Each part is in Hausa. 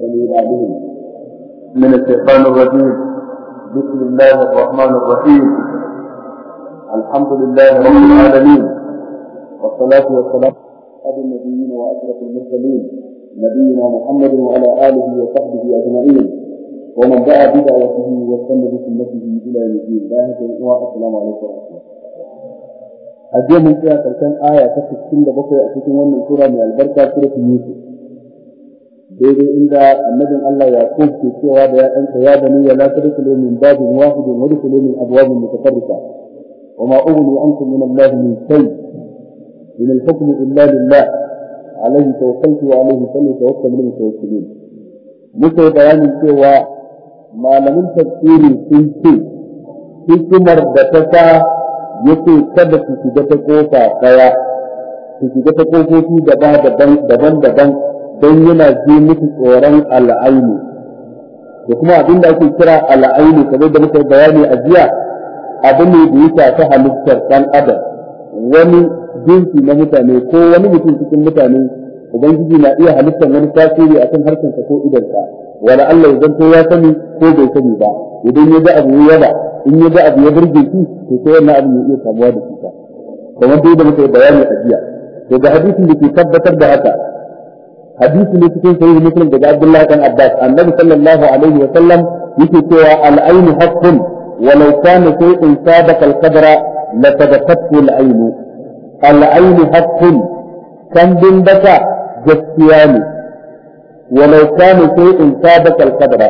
ومن من الشيطان الرجيم بسم الله الرحمن الرحيم الحمد لله رب العالمين والصلاة والسلام على النبيين وأشرف المرسلين نبينا محمد وعلى آله وصحبه أجمعين ومن دعا بدعوته واستنى بسنته إلى يوم الدين والسلام عليكم ورحمة الله a jiya mun tsaya karshen aya ta 67 a من wannan sura mai albarka daidai inda annabin Allah ya ke cewa da ya ya'yansa ya bani ya la tadkhulu min babin wahidin wa dkhulu min abwabin mutafarriqa wa ma ughni ankum min Allah min shay min al-hukm illa lillah alayhi tawakkaltu wa alaihi, alayhi falyatawakkal al-mutawakkilun muke bayanin cewa malamin tafsiri sun ce hikimar da ta sa yake kada su shiga ta kofa daya su shiga ta kofofi daban-daban don yana ji musu tsoron al'ainu da kuma abin da ake kira al'ainu kamar da muka bayani a jiya abu ne da ya shafi halittar ɗan adam wani jinsi na mutane ko wani mutum cikin mutane ubangiji na iya halittar wani tasiri kan harshensa ko idan ka. wala Allah idan ko ya sani ko bai sani ba idan ya ga abu yaba in ya ga abu ya burge shi to sai wannan abu ya iya samuwa da shi kamar dai da muka bayani a jiya to ga hadisin da ke tabbatar da haka hadisi ne cikin sahih muslim daga Abdullah dan Abbas annabi sallallahu alaihi wa sallam yake cewa al-ayn haqqun walau kana shay'un sabaqa al-qadra la sadaqathu al-ayn al-ayn haqqun kan bin baka gaskiya ne walau kana in sabaqa al-qadra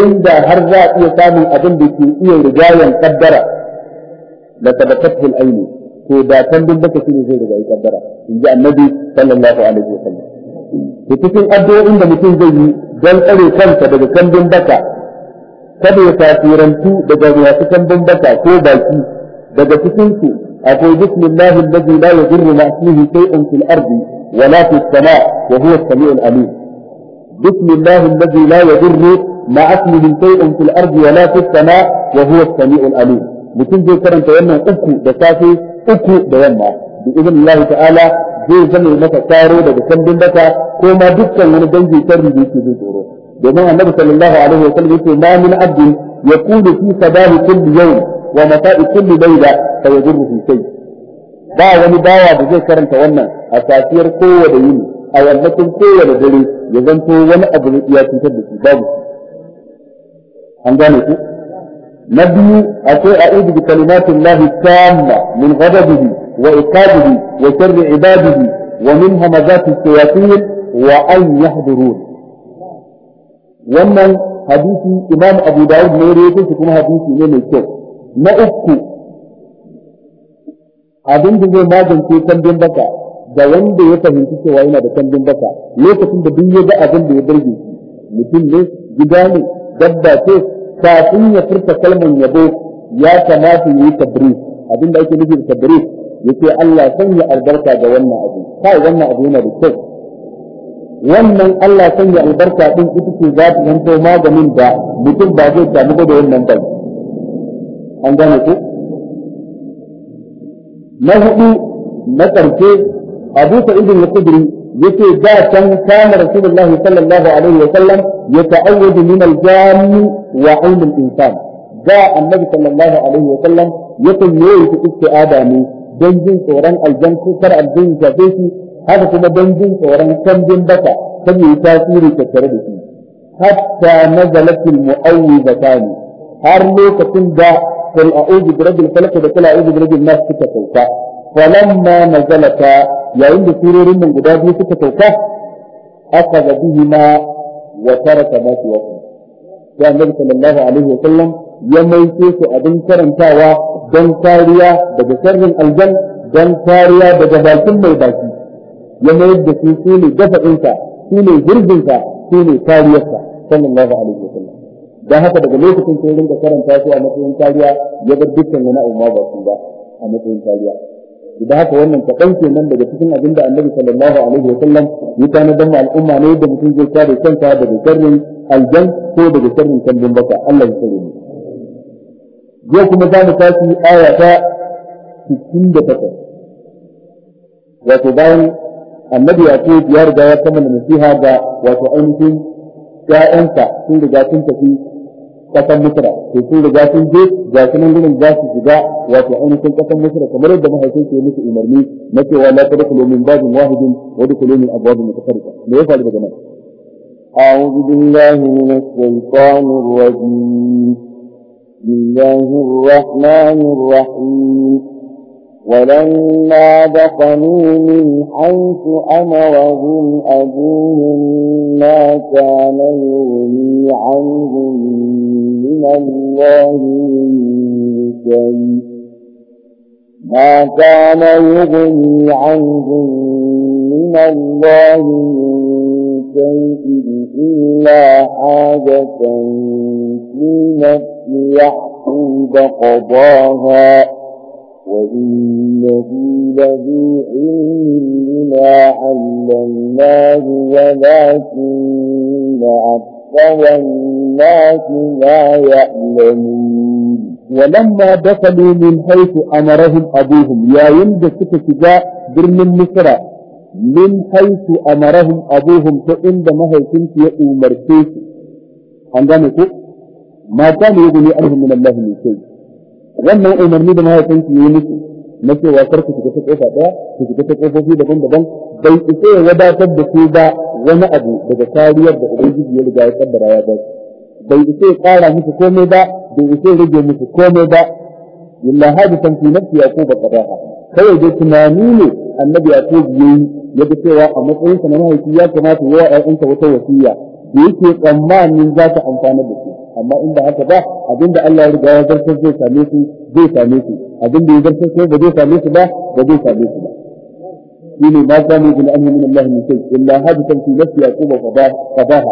inda har za a iya samun abinda da ke iya rigayen kaddara la sadaqathu al-ayn to da kan shi ne zai kaddara sallallahu alaihi wa sallam to cikin addu'o'in da mutum zai yi don tsare kansa daga kambin baka kada ya tasirantu daga masu kambin baka ko baki daga cikin su akwai bismillahi allazi la yadurru ma ismihi shay'un fil ardi wa la fis sama wa huwa as-sami'ul alim bismillahi allazi la yadurru ma ismihi shay'un fil ardi wa la fis sama wa huwa as-sami'ul alim mutum zai karanta wannan uku da safe uku da yamma bi idnillahi ta'ala zai zama masa taro daga kandin baka ko ma dukkan wani dangi sharri da yake zai tsoro domin annabi sallallahu alaihi wa sallam yace ma min abdin yaqulu fi sadahi kulli yawm wa mata'i kulli layla fa yajru fi shay ba wani bawa da zai karanta wannan a safiyar kowace yini a yammacin kowace dare ya zanto wani abu ne ya cutar da shi babu an gane ku na biyu akwai a'udhu bi kalimatillahi tamma min ghadabihi وإيقاده وشر عباده ومن همزات الشياطين وأن يحضرون wannan hadisi imam abu dawud ne rawaito kuma hadisi ne mai kyau na uku abin da zai magance kambin da wanda ya fahimci cewa yana da kambin lokacin da duk ya ga abin da ya birge. shi mutum ne gida ne dabba ce kafin ya furta kalman yabo ya kamata yi tabris abin da ake nufi da tabris yace Allah sanya albarka ga wannan abu kai wannan abu yana da kyau wannan Allah sanya albarka din ita ce za ta zanto maganin da mutum ba zai samu da wannan ba an gane ku na hudu na karshe Abu Sa'id al-Khudri yace da can kana Rasulullah sallallahu alaihi wa sallam yata'awwadu min al-jami wa 'ilm al-insan da annabi sallallahu alaihi wa sallam yakan yi isti'ada ne don jin tsoron aljan ko kar shafe shi haka kuma don jin tsoron canjin baka kan yi tasiri tattare da shi hatta nazalatil mu'awwizatani har lokacin da kul a'udhu birabbil falaq da kul a'udhu birabbin nas suka sauka falamma nazalata yayin da surorin nan guda biyu suka sauka akhadha bihima wa taraka ma fi wasu ya annabi sallallahu alaihi wa sallam ya maishe su abin karantawa don kariya daga sharrin aljan don kariya daga bakin mai baki ya mayar da su su ne dafa'insa su ne jirginsa su ne kariyarsa sallallahu alaihi wasallam don haka daga lokacin sai rinka karanta su a matsayin kariya ya bar dukkan wani abu ma ba su ba a matsayin kariya idan haka wannan kaɗan kenan daga cikin abin da annabi sallallahu alaihi wasallam ya tanadar ma al'umma ne da mutum zai kare kansa daga sharrin aljan ko daga sharrin kallon baka Allah ya kare mu yau kuma za mu tashi aya ta 68 wato bayan annabi ya ce ya riga ya kammala nasiha ga wato ainihin ƴaƴansa sun riga sun tafi ƙasar Misra to sun riga sun je ga su nan za su shiga wato ainihin ƙasar Misra kamar yadda mahaifin ke musu umarni na cewa la tadkhulu min babin wahidin wa dkhulu min abwabin mutafarriqa me ya faru daga nan أعوذ بالله من الشيطان الرجيم بسم الله الرحمن الرحيم ولما دخلوا من حيث أمرهم أبوهم ما كان يغني عنهم من الله شيء ما كان يغني عنهم من الله شيء إلا حاجة في نفس ليعقوب قضاها وإنه لذو علم لما علمناه ولكن أكثر الناس لا يعلمون ولما دخلوا من حيث أمرهم أبوهم يا يند سكتجا برن مصر من حيث أمرهم أبوهم فإن ما هي كنت يأمر عندما تقول ma ta ne yuguni alhum min Allah min shay wannan umarni da mahaifin ki yi miki na cewa kar ku shiga ta kofa daya ku shiga ta kofofi daban-daban bai isa ya wadatar da ku ba wani abu daga kariyar da ubangiji ya riga ya kaddara ya ba bai isa ya kara musu komai ba bai isa ya rage musu komai ba illa hadisan fi nafsi yaqub qadaha kawai dai tunani ne annabi ko yayi ya ga cewa a matsayin sa na mahaifi ya kamata ya yi wata wasiya da yake tsammanin za ta amfana da shi amma in ba haka ba abinda Allah ya riga ya zartar zai same su zai same su abinda ya zartar sai ba zai same su ba ba zai same su ba shine ma kana bil amma min Allah min shay illa hadithan fi nafsi yaquba ba sai dai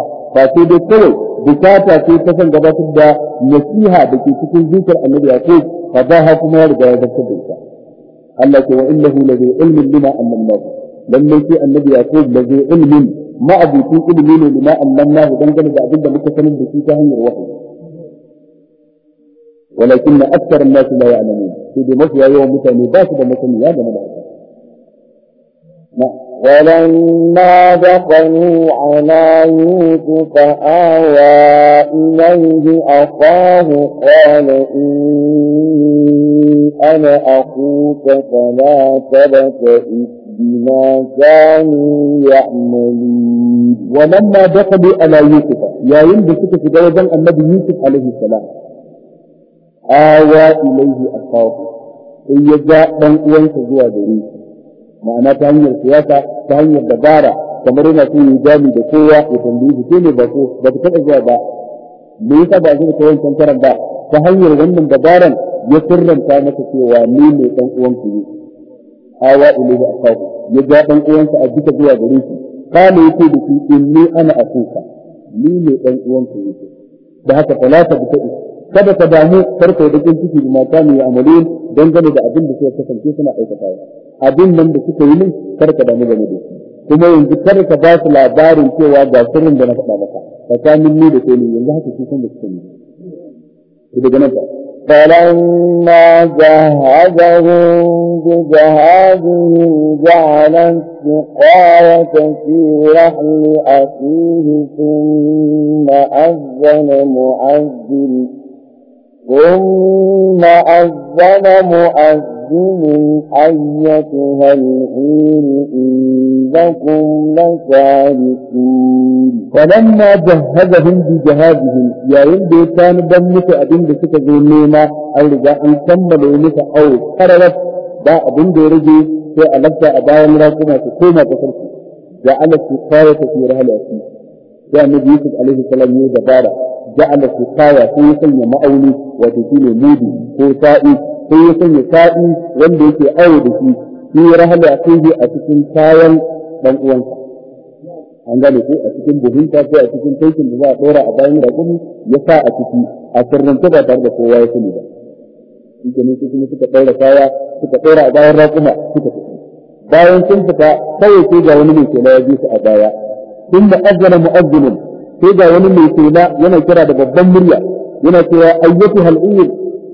kawai bukata ce ta san gabatar da nasiha da ke cikin zuciyar annabi yaqub qadaha kuma ya riga ya zartar da ita Allah ce wa innahu la ilmin lima annallahu lalle sai annabi yaqub la ilmin ma'abutin ilimi ne lima allamna hu dangane da abin da muka sanin da shi ta hanyar wahayi walakin na aksar nasu la ya'lamu sai dai mafiya yawan mutane ba su da masaniya game da haka ولما دخلوا على يوسف آوى إليه أخاه قال إني أنا أخوك فلا تبتئس بما كانوا يعملون ولما Yayin da suka fi يند سكة جوزا النبي يوسف عليه السلام آوى إليه أخاه sai ya ga ɗan uwansa zuwa gare shi ma'ana ta hanyar siyasa ta hanyar dabara kamar yana so ya jami da kowa ya tambayi shi ne ba ko ba ka taɓa zuwa ba me yasa ba zai ta wancan karan ba ta hanyar wannan dabaran ya sirranta masa cewa ni ne ɗan uwanku ne awa ilayhi akahu ya ga dan uwansa a duka zuwa gare shi kana yake da shi in ni ana akuka ni ne dan uwanka yake da haka talata da ta'i kada ka damu farko da jin ciki ma ta ne amalin dangane da abin da suka kasance suna aikatawa abin nan da suka yi min kada ka damu game da shi kuma yanzu kada ka ba su labarin cewa ga sirrin da na faɗa maka tsakanin ni da kai ne yanzu haka shi kan da suka yi daga nan ba فلما جهزهم بجهازهم جعل السقاية في رحل أخيه ثم أذن مؤذن ثم أذن مؤذن أيتها الحين إنكم لسارقون فلما جهزهم بجهازهم يا يندي كان بمك أبن بسك ذنينا الرجاء كملوا لك أو قررت با أبن دورجي في ألبت أبايا مراكمة تقوم بسرسي جعلت سكارة في رهل أسيس جاء نبي يوسف عليه السلام بارا ja'ala su kaya sai ya sanya ma'auni wato shi ne mudu ko sa'i sai ya sanya sa'i wanda yake awo da shi shi rahala kai a cikin kayan dan uwansa an gane ko a cikin buhunta ko a cikin taikin da za a dora a bayan raƙumi ya sa a ciki a sirrance ba tare da kowa ya sani ba shi ke ne kuma suka ɗaura a bayan raƙuma suka fita bayan sun fita kawai sai ga wani mai kela ya bi su a baya sun da azana sai ga wani mai kula yana kira da babban murya yana cewa ayyatu hal'ir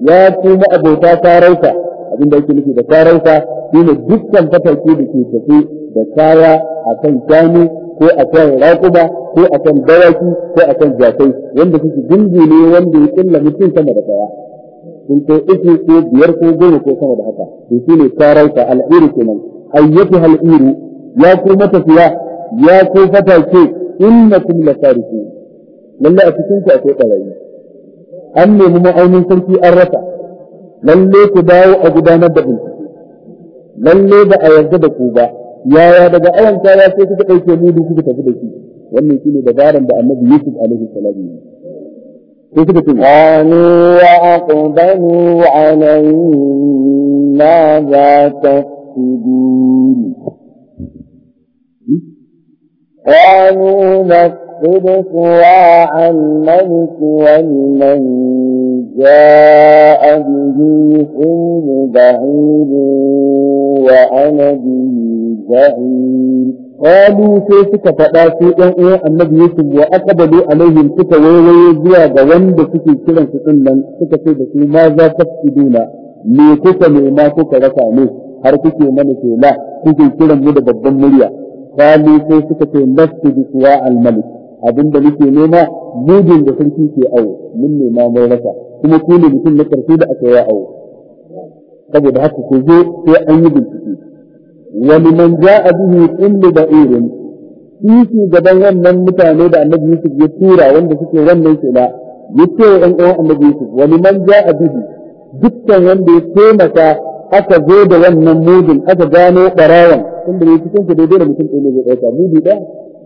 ya kuma abota sarauta abin da yake nufi da sarauta shine dukkan fataki da ke tafi da kaya akan shanu ko akan raƙuba ko akan dawaki ko akan jakai wanda suke dingi ne wanda ya kulla mutum sama da kaya sun ko uku ko biyar ko goma ko sama da haka to shine sarauta al'iru kenan ayyatu hal'iru ya kuma tafiya ya ko fatake innakum lasariqun lalle a cikin ku akwai barayi an nemi ma'aunin sarki an rasa lalle ku dawo a gudanar da bin lalle ba a yarda da ku ba yaya daga awan kaya sai kuka dauke mudu kuka tafi da shi wannan shine dabaran da annabi Yusuf alaihi salam ya aqbanu alayna ma za ta قالوا نفقد صواع الملك ولمن جاء به حمل بعيد وأنا به زعيم قالوا sai suka faɗa su ɗan uwan annabi Yusuf wa aqbalu alaihim suka wayoyi zuwa ga wanda suke kiran su din nan suka ce da su maza za tafsiduna me kuka nema kuka rasa ne har kuke mana tela kuke kiran mu da babban murya qalu sai suka ce nafsi bi siwa al malik abinda nake nema mudin da sarki ke awo mun ne ma mai rasa kuma ku ne mutum na karfi da aka yi awo saboda haka ku zo sai an yi bincike wani man ja'a bihi kullu ba'irin shi gaban wannan mutane da annabi Yusuf ya tura wanda suke wannan kila yace wa ɗan uwan annabi Yusuf wani man ja'a bihi dukkan wanda ya taimaka aka zo da wannan mudin aka gano ɓarawan tun da ne cikin ku dai dole mutum ɗaya ne zai ɗauka mudu ɗaya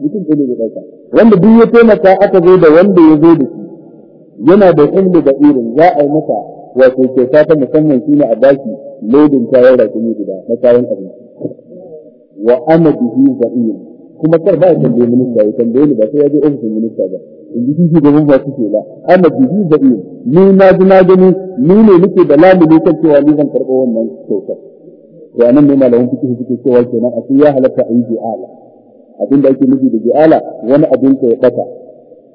mutum ɗaya ne zai ɗauka wanda duk ya taimaka aka zo da wanda ya zo da shi yana da ilmi da irin za a yi masa wato kyauta ta musamman shi ne a baki lodin kayan rakumi guda na kayan abinci wa ana bihi za'ir kuma kar ba ya tambaye minista ya tambaye ni ba sai ya je ofishin minista ba in ji shi gaban ba su kela ana bihi za'ir ni na ji na gani ni ne nake da lamuni kan cewa ni zan karɓo wannan kyautar ya nan ne malamin fikihu suke cewa kenan a ya halatta a yi bi'ala abin da ake nufi da ji'ala wani abin ka ya bata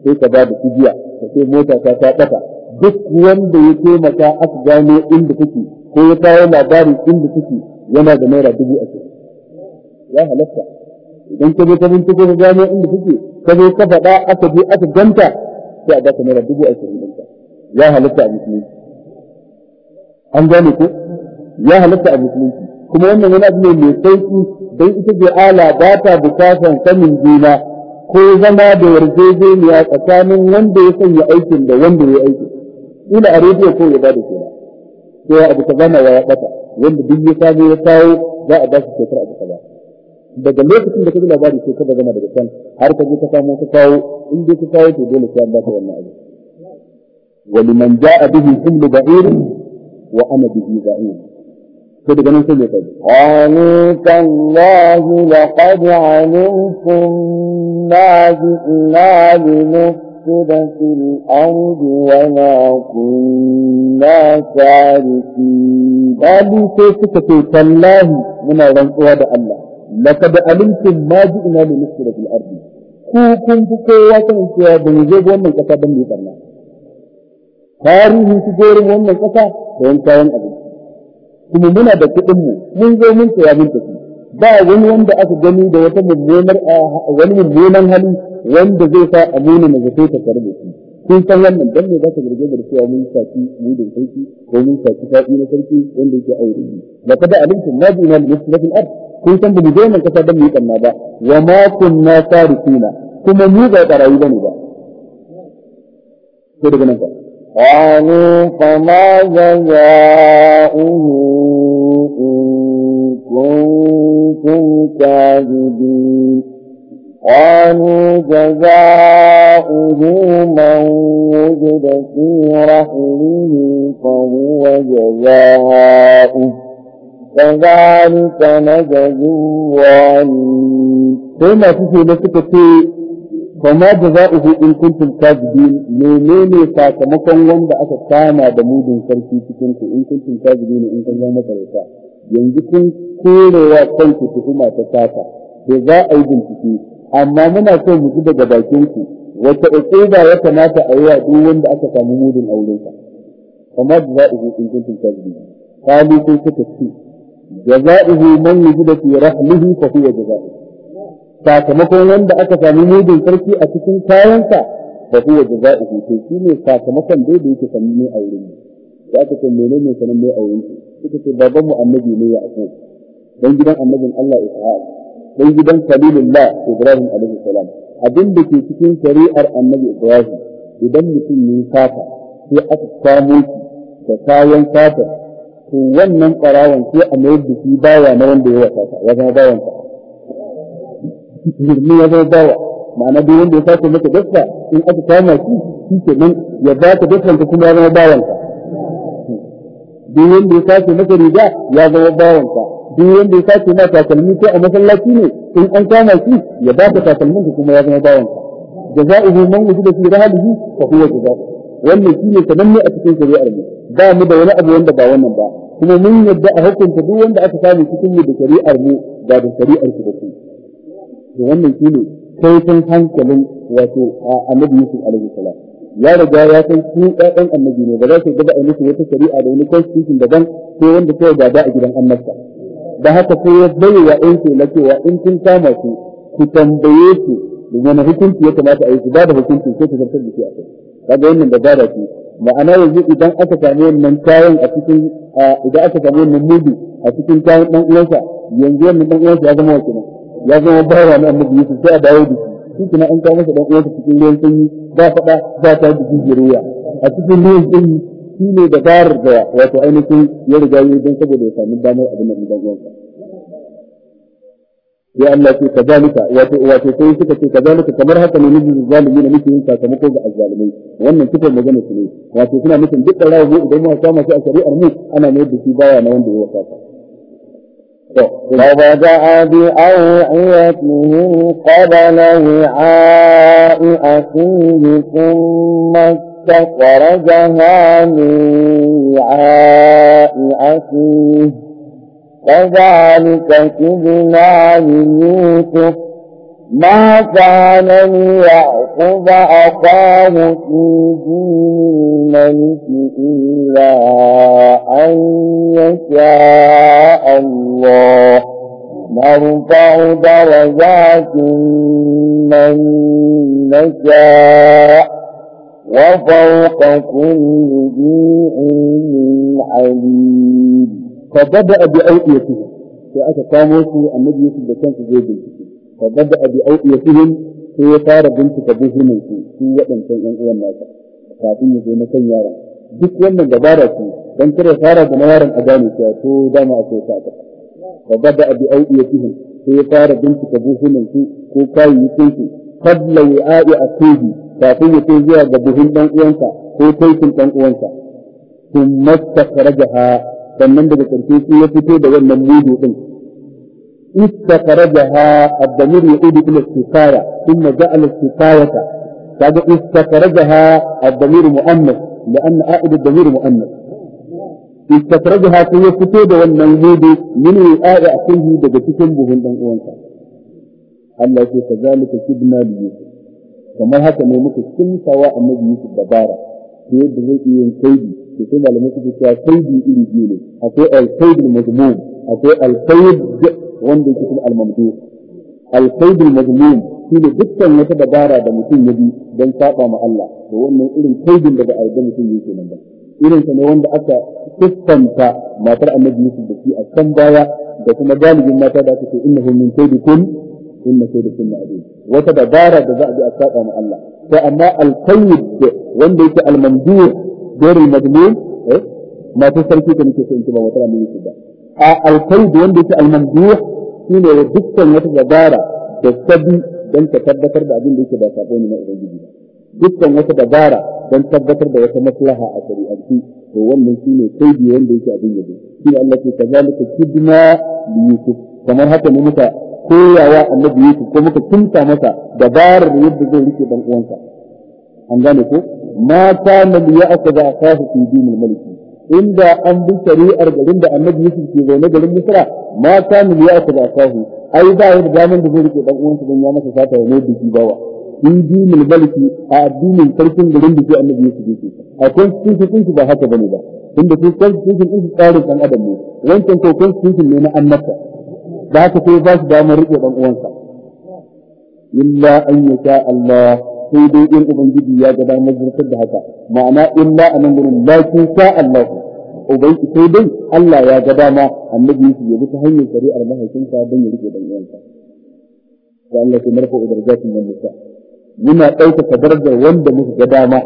sai ka ba da kibiya ka ce mota ta ta bata duk wanda ya taimaka aka gano inda kake ko ya kawo labarin inda kuke yana da naira dubu ashirin ya halatta idan ka je ka bincike ka gano inda kuke ka zo ka faɗa aka je aka ganta sai a baka naira dubu ashirin ɗinka ya halatta a musulunci an gane ko ya halatta a musulunci kuma wannan wani abu ne mai sauki don ita ji'ala ba ta bukatan sanin juna ko zama da yarjejeniya tsakanin wanda ya sanya aikin da wanda ya aiki ila a rediyo ko ya bada kenan sai abu ta zama ya bata wanda duk ya samu ya kawo za a ba shi shekar abu kaza daga lokacin da ka ji labari sai ka zama daga can har ka je ka samu ka kawo in dai ka kawo to dole sai an ba ka wannan abu ولمن جاء به حمل Wa ana به بعير daga nan sai mai kaji qalu tallahi laqad ina ma ji'na linufsida fil ardi wa ma kunna tarikin qalu sai suka ce tallahi muna rantsuwa da Allah laqad alimtum ma ji'na linufsida fil ardi ku kun fi kowa sanin cewa ba mu je wannan kasa ban mu yi barna tarihin su gorin wannan kasa da yan kayan abinci kuma muna da kuɗin mu mun zo mun tsaya mun tafi ba wani wanda aka gani da wata mummunar wani mummunan hali wanda zai sa amina na zato ta karbe shi kun san wannan dan ne za ka garje da cewa mun saki mu da sarki ko mun saki saki na sarki wanda yake aure shi laqad alimtum ma bina min muslimin ard kun san da mu zo nan kasa dan mu kanna ba wa ma kunna tarikina kuma mu ba karayi bane ba ko daga nan fa قالوا فما جزاؤه إن كنتم كاذبين قالوا جزاؤه من وجد في رحله فهو جزاؤه كذلك نجزي الظالمين ثم تسيب سكتي فما جزاؤه إن كنتم كاذبين منين سakamakon wanda aka kama da mudun sarki cikin ku in kuntum kazibin in kun zama yanzu kun korewa kanku tuhuma ta sata da za a yi bincike amma muna so mu ji daga bakin ku wata uquba ya kamata a yi wa duk wanda aka samu mudun auren za a jazaohu in kuntum kazibin qalu kun suka ce jazaohu man yujida fi rahmihi za a yi. sakamakon wanda aka sami mugun sarki a cikin kayansa fa su jazaohu to shine sakamakon dai da yake sanin ne a wurin mu da aka ce menene sanin ne a wurin suka ce baban mu annabi ne ya ako dan gidan annabin Allah Ishaq dan gidan Khalilullah Ibrahim alaihi salam abin da ke cikin shari'ar annabi Ibrahim idan mutum ne kafa sai aka samu da kayan kafa, to wannan ƙarawan sai a mayar da shi bawa na wanda ya wasa ya zama bawan sa jirmi ya zama bawa ma'ana duk wanda ya sace maka gaska in aka kama shi shi ke nan ya ba ka gaskan kuma ya zama bawanka duk wanda ya sace maka riga ya zama bawanka duk wanda ya sace ma takalmi ko a masallaci ne in an kama shi ya ba ka takalmin ka kuma ya zama bawanka jaza'uhu man wujida fi rahlihi fa huwa jaza'u wannan shine sananne a cikin shari'ar mu ba mu da wani abu wanda ba wannan ba kuma mun yadda a hukunta duk wanda aka samu cikin mu da shari'ar mu ga da shari'ar ku da ku Wannan shi ne kaifin hankalin wato annabi Yusuf alaihi salam ya riga ya san su ɗan annabi ne ba za su gaba a musu wata shari'a da wani constitution daban ko wanda sai gada a gidan annabta da haka ko ya bayyana wa ɗan shela cewa in kun kama su ku tambaye su da wani hukunci ya kamata a yi su ba da hukunci sai ku zartar da shi a kai kaga wannan dabara ce ma'ana yanzu idan aka samu wannan kayan a cikin idan aka samu wannan mudu a cikin kayan ɗan uwansa yanzu wannan ɗan uwansa ya zama wakilin ya zama bawa na annabi Yusuf sai a dawo da shi shi an kawo masa dan uwansa cikin ruwan sanyi ba fada ba ta da jijiriya a cikin ruwan sanyi shi ne da garar da wato ainihin ya riga yi don saboda ya samu damar abin da ɗan uwansa ya Allah ce kazalika wato wato sai suka ce kazalika kamar haka ne nijin zalimi ne muke yin sakamako ga azzalimai wannan cikin magana su ne wato suna nufin duk da rawu idan mu kama shi a shari'ar mu ana mai da shi baya na wanda ya wasa فبدأ بأوعيته قبل وعاء أخيه ثم استخرجها من وعاء أخيه كذلك كدنا ليوسف ما كان ليأخذ أخاه في دين الملك إلا أن يشاء الله نرفع درجات من نشاء وفوق كل ذي علم عليم فبدأ بأوئيته فأتى قاموس النبي صلى الله عليه وسلم fa bada abi auqiyatihim sai ya fara bincika buhunan su su waɗancan ƴan uwan nasa kafin ya zo kan yaron duk wannan dabara ce dan kare fara da na a gane cewa to dama akwai ta ta fa bada abi auqiyatihim sai ya fara bincika buhunan su ko kayayyakin su qabla wi'a'i akihi kafin ya kai zuwa ga buhun dan ko taikin dan uwansa thumma takhrajaha sannan daga karshe sai ya fito da wannan mudu din استخرجها الضمير يعود إلى الكفاية ثم جعل الكفاية فهذا استخرجها الضمير مؤنث لأن عائد الضمير مؤنث استخرجها في الكتاب والمولود من وعاء أخيه دقتكم بهن أنقوانك الله يقول كذلك كدنا ليوسف كما هكا ما يمكن كل سواء النبي يوسف دبارة في يد زي كيدي to sai malamai suke cewa kaidi iri biyu ne akwai alkaid mazmum akwai alkaid wanda yake cikin al-mamdu al-qaid al-mazmum shine dukkan wata dabara da mutum ya bi don saba ma Allah to wannan irin kaidin da ba a yarda mutum yake nan ba irin sa ne wanda aka kuskanta matar Annabi Yusuf da shi a kan baya da kuma galibin mata da aka ce innahu min kaidikum inna kaidikum ma'dud wata dabara da za a bi a saba ma Allah to amma al-qaid wanda yake al-mamdur dori madmum eh matar sarki da nake so in ba wata Annabi Yusuf ba alkaid wanda yake almamduh shine dukkan wata dabara da sabi dan ka tabbatar da abin da yake ba sabo ne na ubangiji dukkan wata dabara dan tabbatar da wata maslaha a shari'anci to wannan shine kaidi wanda yake abin Allah ke kazalika kidna li yusuf kamar haka ne muka koyawa annabi yusuf ko muka kinta masa dabarar yadda zai rike dan uwansa an gane ko ma kana li ya'khudha fi dinil malik inda an bi shari'ar garin da annabi Yusuf ke zaune garin Misra ma kanu ya ta ba sahu ai ba yadda damin da zai rike dan uwansa dan ya masa sata ne da shi bawa in ji mil balki a addinin sarkin garin da ke annabi Yusuf ke. a constitution din ba haka bane ba inda su constitution din tsarin dan adam ne wancan to constitution ne na annabta da haka sai ba su damar rike dan uwansa illa an yasha Allah sai dai in ubangiji ya ga damar da haka ma'ana illa anan gurin lakin sha Allah ubangi sai dai Allah ya ga dama annabi yake ya bi ta hanyar shari'ar sa don ya rike dan uwansa da Allah ke marfa udarjatin nan nisa muna ɗaukaka darajar wanda muka ga dama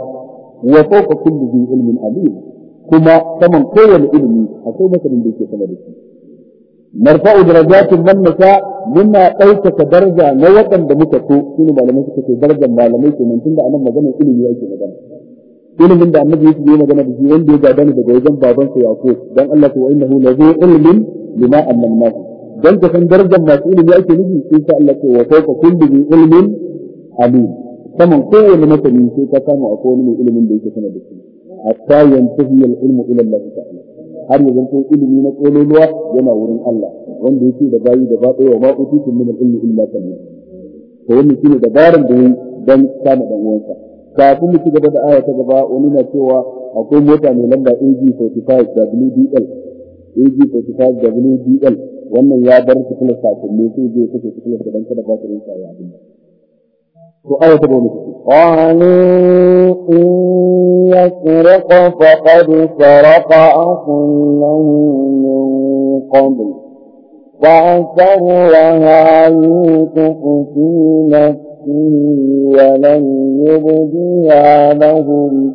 wa fawqa kulli ilmin alim kuma saman kowane ilimi akwai masarin da yake sama da shi narfa'u درجات من nasha muna ɗaukaka daraja na waɗanda muka so shine malamai suka ce darajar malamai kenan tunda anan maganar ilimi yake magana ilimin da annabi yake magana da shi wanda ya ga ni daga wajen baban sa yaqub dan Allah ta wa la zu ilmin lima annamna dan ka san darajar masu ilimi ake nufi sai sa Allah ta wa fawqa kulli bi ilmin alim saman kowane masani sai ta samu akwai wani da yake da shi hatta yantahi al ilmu ila Allah ta'ala har yanzu zanto ilimi na kololuwa yana wurin Allah wanda yake da bayi da ba ɗaya ma utitum min al-ilmi illa qalil to wannan shine dabaran da yayi dan kama dan uwansa kafin mu ci gaba da aya ta gaba wani na cewa akwai mota mai lamba AG45 WDL AG45 WDL wannan ya bar su kuma sakonni sai je kace su kuma da dan kada ba su rinka ya abin وآية قالوا إن يسرق فقد سرق أخ من قبل فأسرها يوسف في نفسه ولم يبدها لهم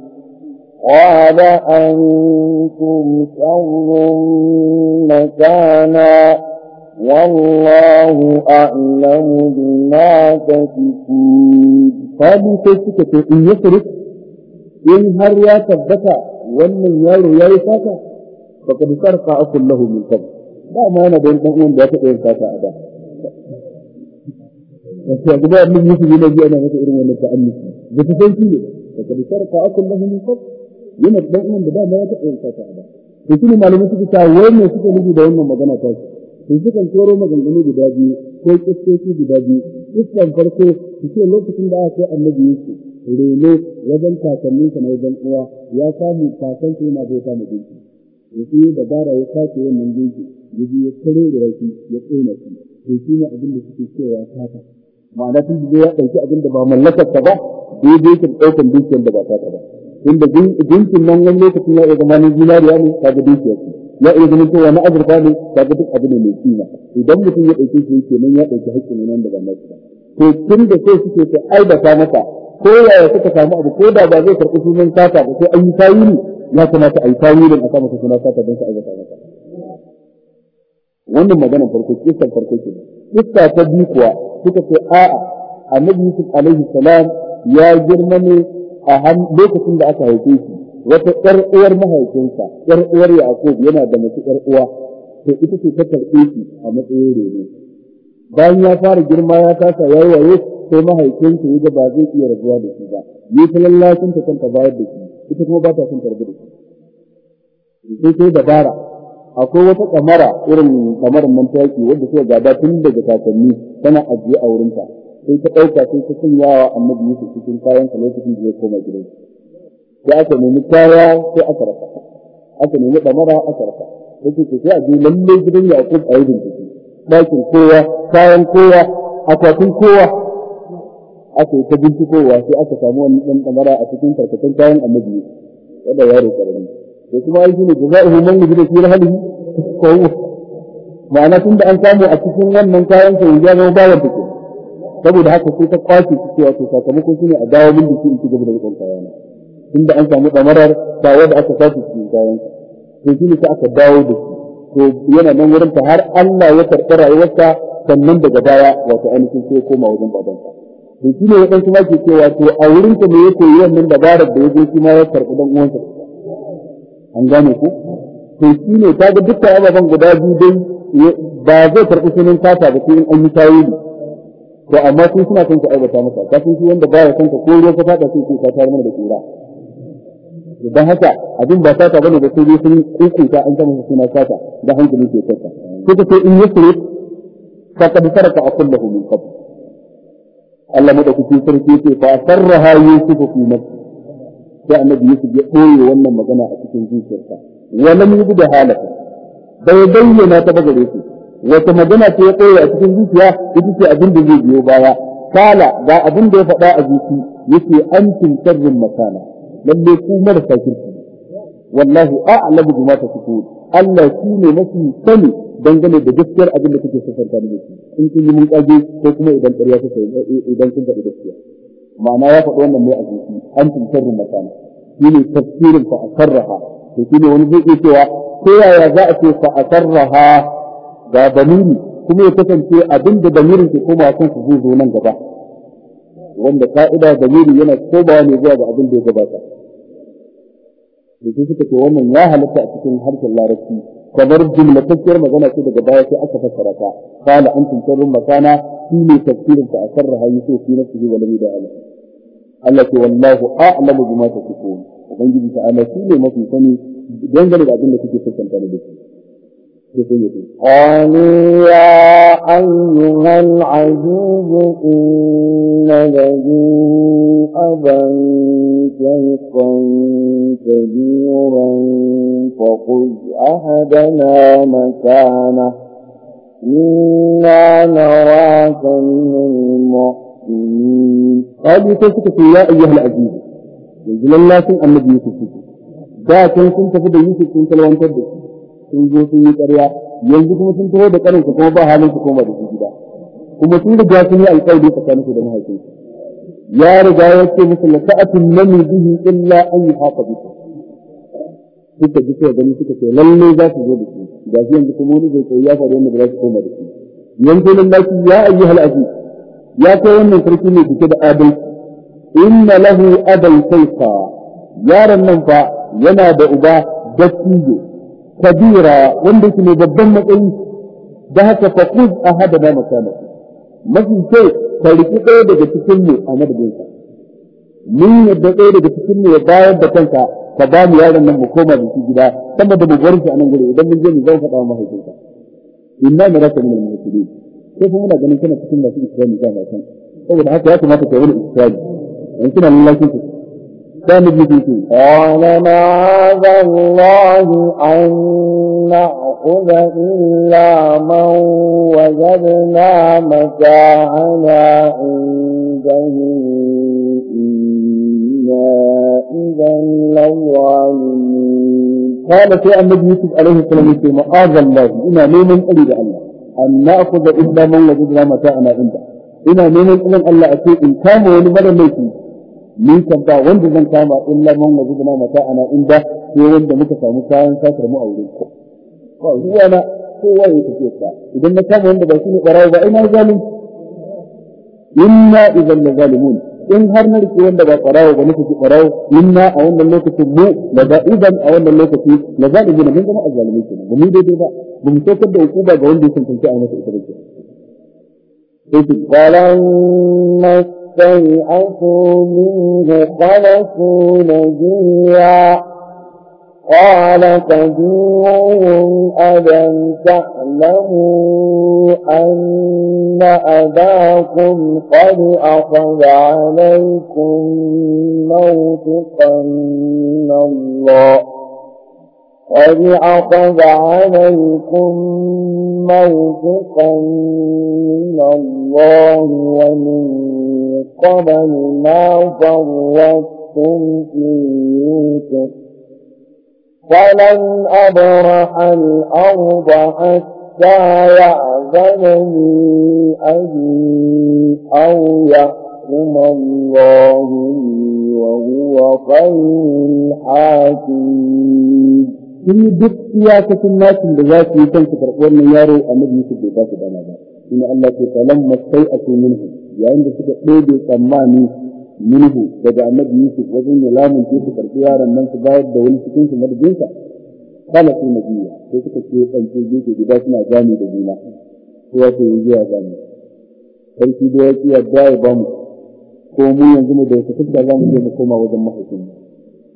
قال أنتم شر مكانا والله أعلم بما تكتون قالوا كيف إن يسرق إن هر يا ثبتا ومن يارو يا يفاتا فقد سرق أصل له من قبل لا ما أنا بين تقوم باتت ينفاتا أبا يقول لك من يسرق إلى أنا مثل إرمان التأمس بتسلسل فقد سرق أصل له من قبل لما da ɗan da dama ya taɓa yin kasa a ba. Da shi ne malamai suka sa wai su sukan koro maganganu guda biyu ko kiskoki guda biyu iskan farko su ce lokacin da aka yi annabi yake rene wajen kakanninsa na wajen uwa ya samu kakansa yana bauta mu dinki ya dabara ya sake wannan dinki ya ji ya kare da rafi ya tsona shi to shi ne abin da suke cewa kaka ma'ana sun da ya ɗauki abin da ba mallakar ta ba daidai ka ɗaukan dukiyar da ba ta ba inda dinkin nan wani lokacin ya iya zama na zinariya ne ga dukiyar ya iya ganin cewa na azurfa ne kaga duk abu ne mai kima idan mutum ya ɗauke shi yake nan ya ɗauki haƙƙin nan daga ba na ba to tun da sai suke ta aibata masa ko yaya suka samu abu ko da ba zai karɓi sunan sata ba sai an yi tayini ya kamata a yi tayinin a sa masa sunan sata don su aibata masa wannan maganar farko kissan farko ke kissa ta biyu kuwa suka ce a'a annabi yusuf alaihi salam ya girma ne a lokacin da aka haife shi wata ƴar uwar mahaifinsa ƴar uwar Yaqub yana da mace ƴar uwa to ita ce ta karɓe shi a matsayin reno bayan ya fara girma ya kasa ya yi waye sai mahaifinsa ya ga ba zai iya rabuwa da shi ba ni ta lallacin ta kanta bayar da shi ita kuma ba ta son ta rabu da shi sai sai dabara akwai wata kamara irin kamarar nan ta wadda suka gada tun daga kakanni tana ajiye a wurinta sai ta ɗauka sai ta wa annabi Yusuf cikin kayan lokacin da ya koma gidansa sai aka nemi kaya sai aka raka aka nemi damara aka raka yake ke sai a je lallai gidan Yakub a yi bincike ɗakin kowa kayan kowa akwatin kowa aka yi ta bincikowa sai aka samu wani ɗan damara a cikin tarkacen kayan annabi wanda ya da ni sai kuma ai shine da jazaohu man shi fi rahlihi ko ma'ana tunda an samu a cikin wannan kayan sai ya zama bayan take saboda haka sai ta kwace cewa to sakamakon shine a dawo min da shi in ci gaba da rikon kayan. inda an samu tsamarar ba wanda aka sace cikin kayan to shi ne aka dawo da shi to yana nan wurin ta har Allah ya karɓi rayuwarsa sannan daga baya wato ainihin sai koma wajen babansa to shi ne wadansu ma ke cewa to a wurin ta ne yake yi wannan dabarar da ya da shi ma ya karɓi dan uwansa an gane ku to shi ne ta ga dukkan ababen guda biyu dai ba zai karɓi sunan kata ba sai in an yi tawili to amma sun suna son su aibata masa kafin shi wanda ba ya ka ko ruwa ka fada sai ka tayar mana da kura dan haka abin ba sata bane da sai sun kukunta an kama suna sata da hankali ke tsaka kuka sai in yake yusri faqad saraka akullahu min qabl Allah kuke sarki yake fa sarraha yusuf fi nafsi sai annabi yusuf ya koye wannan magana a cikin zuciyarsa wa lam yubda halaka bai bayyana ta bagare shi wata magana ce ya koye a cikin zuciya ita ce abin da zai biyo baya kala ga abin da ya faɗa a zuci yake antum sharrun makana lalle ku marasa kirki wallahi a'lamu bima tasifun Allah shi ne mafi sani dangane da gaskiyar abin da kuke sasanta ne in kun yi mun kage ko kuma idan ƙarya kuka eh, eh, idan kun faɗi gaskiya ma'ana ya faɗi wannan ne a zuci an tuntarru masana shi ne tafsirin fa a asarraha to shi ne wani zai iya cewa ko yaya za a ce fa a asarraha ga dalili kuma ya kasance abin da damirin ke koma kan su zo nan gaba wanda ka'ida damiri yana komawa ne zuwa ga abin da ya gabata da su suka ce wannan ya halatta a cikin harshen larabci kamar matakiyar magana ce daga baya sai aka fassara ta qala antum sharrun makana shi ne tafsirin ta asarra yusuf fi nafsihi wa lam yud'a Allah ce wallahu a'lamu bima tasifun ubangiji ta ana shi ne mafi sani dangane da abin da kuke fuskanta da shi قالوا يا أيها العزيز إن له أبا شيخا كبيرا فخذ أهدنا مكانه إنا نراك من المحسنين قالوا تلك يا أيها العزيز يجل الله أن النبي يوسف ذاك كنت فدى يوسف كنت لو أنت sun zo sun yi ƙarya yanzu kuma sun taho da su kuma ba halin su koma da su gida kuma sun riga sun yi alƙawari su da su ya riga ya ce musu la ta'atun nami bihi illa an haka bisa suka ji sai gani suka ce lallai za su zo da shi ga shi yanzu kuma wani zai ce ya faru wanda za su koma da su yanzu lillahi ya ayyuhal aziz ya ce wannan sarki ne cike da In inna lahu kai kaifa yaron nan fa yana da uba dattijo kabira wanda yake mai babban matsayi da haka fa khudh ahadana makana mafi sai ka riki ɗaya daga cikin mu a madadin ka ni yadda ɗaya daga cikin mu ya bayar da kanka ka ba mu yaron nan mu koma da shi gida sama da mu bar shi a nan gudu idan mun je mu zan faɗa wa mahaifinka inna naraka min al-muhsinin Ko kuma muna ganin kana cikin masu ikrami da ba san saboda haka ya kamata ka yi wani ikrami in kina lallacin ku سامي بن بيتي قال معاذ الله أن نأخذ إلا من وجدنا متاعنا عنده إنا إذا لظالمون قال في أن يوسف عليه السلام في معاذ الله إنا نيمن أريد الله أن نأخذ إلا من وجدنا متاعنا عنده إنا نيمن أن الله أتي إن كان ولمن ميتي ni kanta wanda zan kama in illa wa wajibna mata ana inda ko wanda muka samu kayan satar mu a wurin ko ko ruwa na kowa ya tafi ka idan na kama wanda ba shi ne barawo ba ina zalim inna idan la zalimun in har na rike wanda ba barawo ba nake ki barawo inna a wannan lokacin mu la ba idan a wannan lokaci la zalimun mun zama azalimi ne mun mu dai ba mun mu saukar da hukuma ga wanda ya tantance a masa ita ba sai ki qalan استيئسوا منه خلصوا نجيا قال كبيرهم ألم تعلموا أن أباكم قد أخذ عليكم موثقا من الله قد أخذ عليكم موثقا من الله ومن قبل ما فرطتم في يوسف فلن أبرح الأرض حتى يأذن لي أبي أو يحكم الله لي وهو خير الحاكمين. Sun yi duk iyakacin nasin da za su yi kan su karɓi wannan yaro a majalisar da ba su dana ba. shi ne Allah ke kalan masai a minhu yayin da suka ɗebe tsammani minhu daga annabi Yusuf wajen ya lamunce su karɓi yaron nan su bayar da wani cikin su madadinsa kala su biya. sai suka ce ɗauke gefe guda suna gane da juna ko ya ce yanzu ya gane sarki da ya ƙi yadda ya ba mu ko mu yanzu mu da wata fuska za mu je mu koma wajen mahaifinmu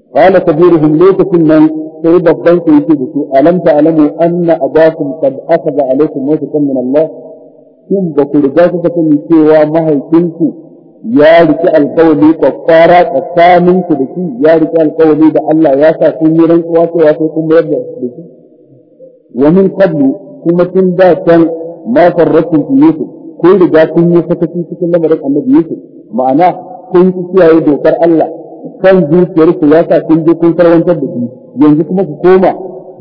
قال كبيرهم ليس كنا سيد الضيف يجيب سوء ألم تعلموا أن أباكم قد أخذ عليكم موثقا من Allah. shin ba ku riga kuka sani cewa mahaifinku ya riki alkawali kwakwara tsakaninku da shi ya riki alkawali da Allah ya sa kun yi rantsuwa cewa sai kun mayar da shi wa min qablu kuma tun da can ma farratum fi yusuf kun riga kun yi sakaci cikin lamarin annabi yusuf ma'ana kun ki kiyaye dokar Allah kan zuciyar ku ya sa kun je kun karwantar da shi yanzu kuma ku koma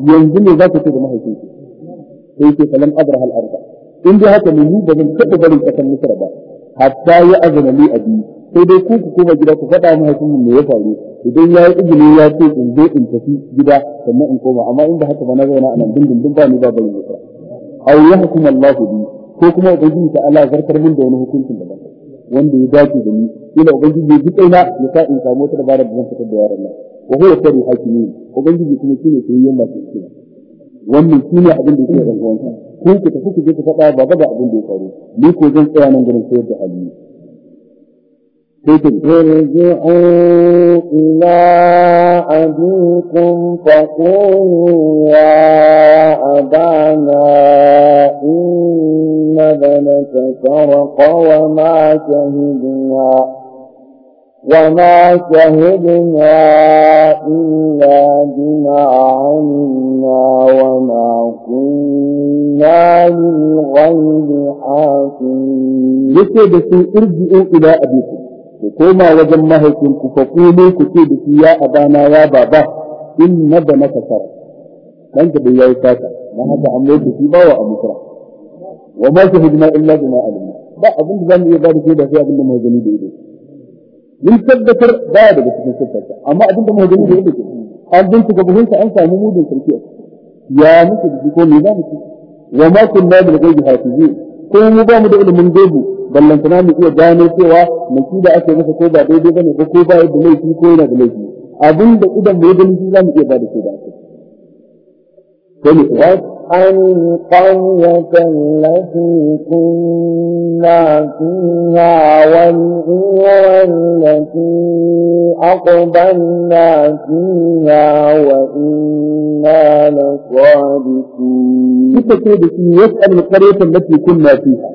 yanzu ne za ku ce da mahaifinku sai ke salam abrahal arba in dai haka ne ni ba zan taɓa barin ƙasar Misra ba hatta ya azana li abi sai dai ku ku koma gida ku faɗa mu hakimin me ya faru idan ya yi izini ya ce in zo in tafi gida sannan in koma amma in ba haka ba na zauna a nan dindindin ba ni ba barin Misra aw yahkum Allahu bi ko kuma ubangiji ta Allah zartar min da wani hukuncin da ban wanda ya dace da ni ila ubangiji ya ji kaina ya sa in samu wata dabara da zan fitar da yaron nan wa huwa sharri hakimin ubangiji kuma shine shiryen masu hikima wannan shine abin da yake da gwamnati ki abin da ya faru ni ko zan tsaya nan gurin da ارجعوا إلى أبيكم فقولوا يا أبانا إن بنك سرق وما شهدنا وما شهدنا إلا بما علمنا وما كنا kunna lil ghaibi hafiz yace da su irji'u ila abikum ku koma wajen mahaifinku fa kulu ku ce da shi ya abana ya baba in na da naka sar dan da sata dan haka an mai shi bawa a misra wa ma shahidna illa bima alimna ba abin zamu iya ba da da sai abin mu gani da ido tabbatar da an an samu ko wa da zai bil ghaibi hafizin ko mu ba mu da ilimin gaibi ballantana mu iya gano cewa mun da ake masa ko ba daidai bane ko ko ba yadda laifi ko yana da laifi abinda idon mu ya gani za mu iya ba da shi da عن القرية التي كنا فيها والعير التي أقبلنا فيها وإنا لصادقون. كيف في يسأل القرية التي كنا فيها؟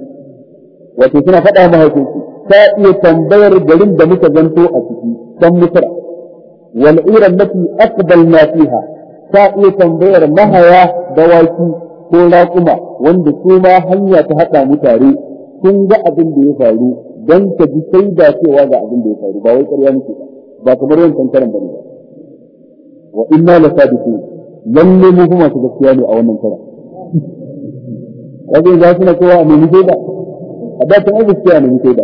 وكيف فتح مهاتفي ta iya tambayar garin da muka zanto a ciki don mutura wal ira ta iya tambayar mahaya waki ko raƙuma wanda su ma hanya ta haɗa mu tare sun ga abin da ya faru don ka ji sai da cewa ga abin da ya faru ba wai ƙarya muke ba kamar yankan karan bane ba wa inna la sadiqu lalle mu kuma su gaskiya ne a wannan karan Wajen za su na kowa a nemi da a da ta gaskiya ne da ba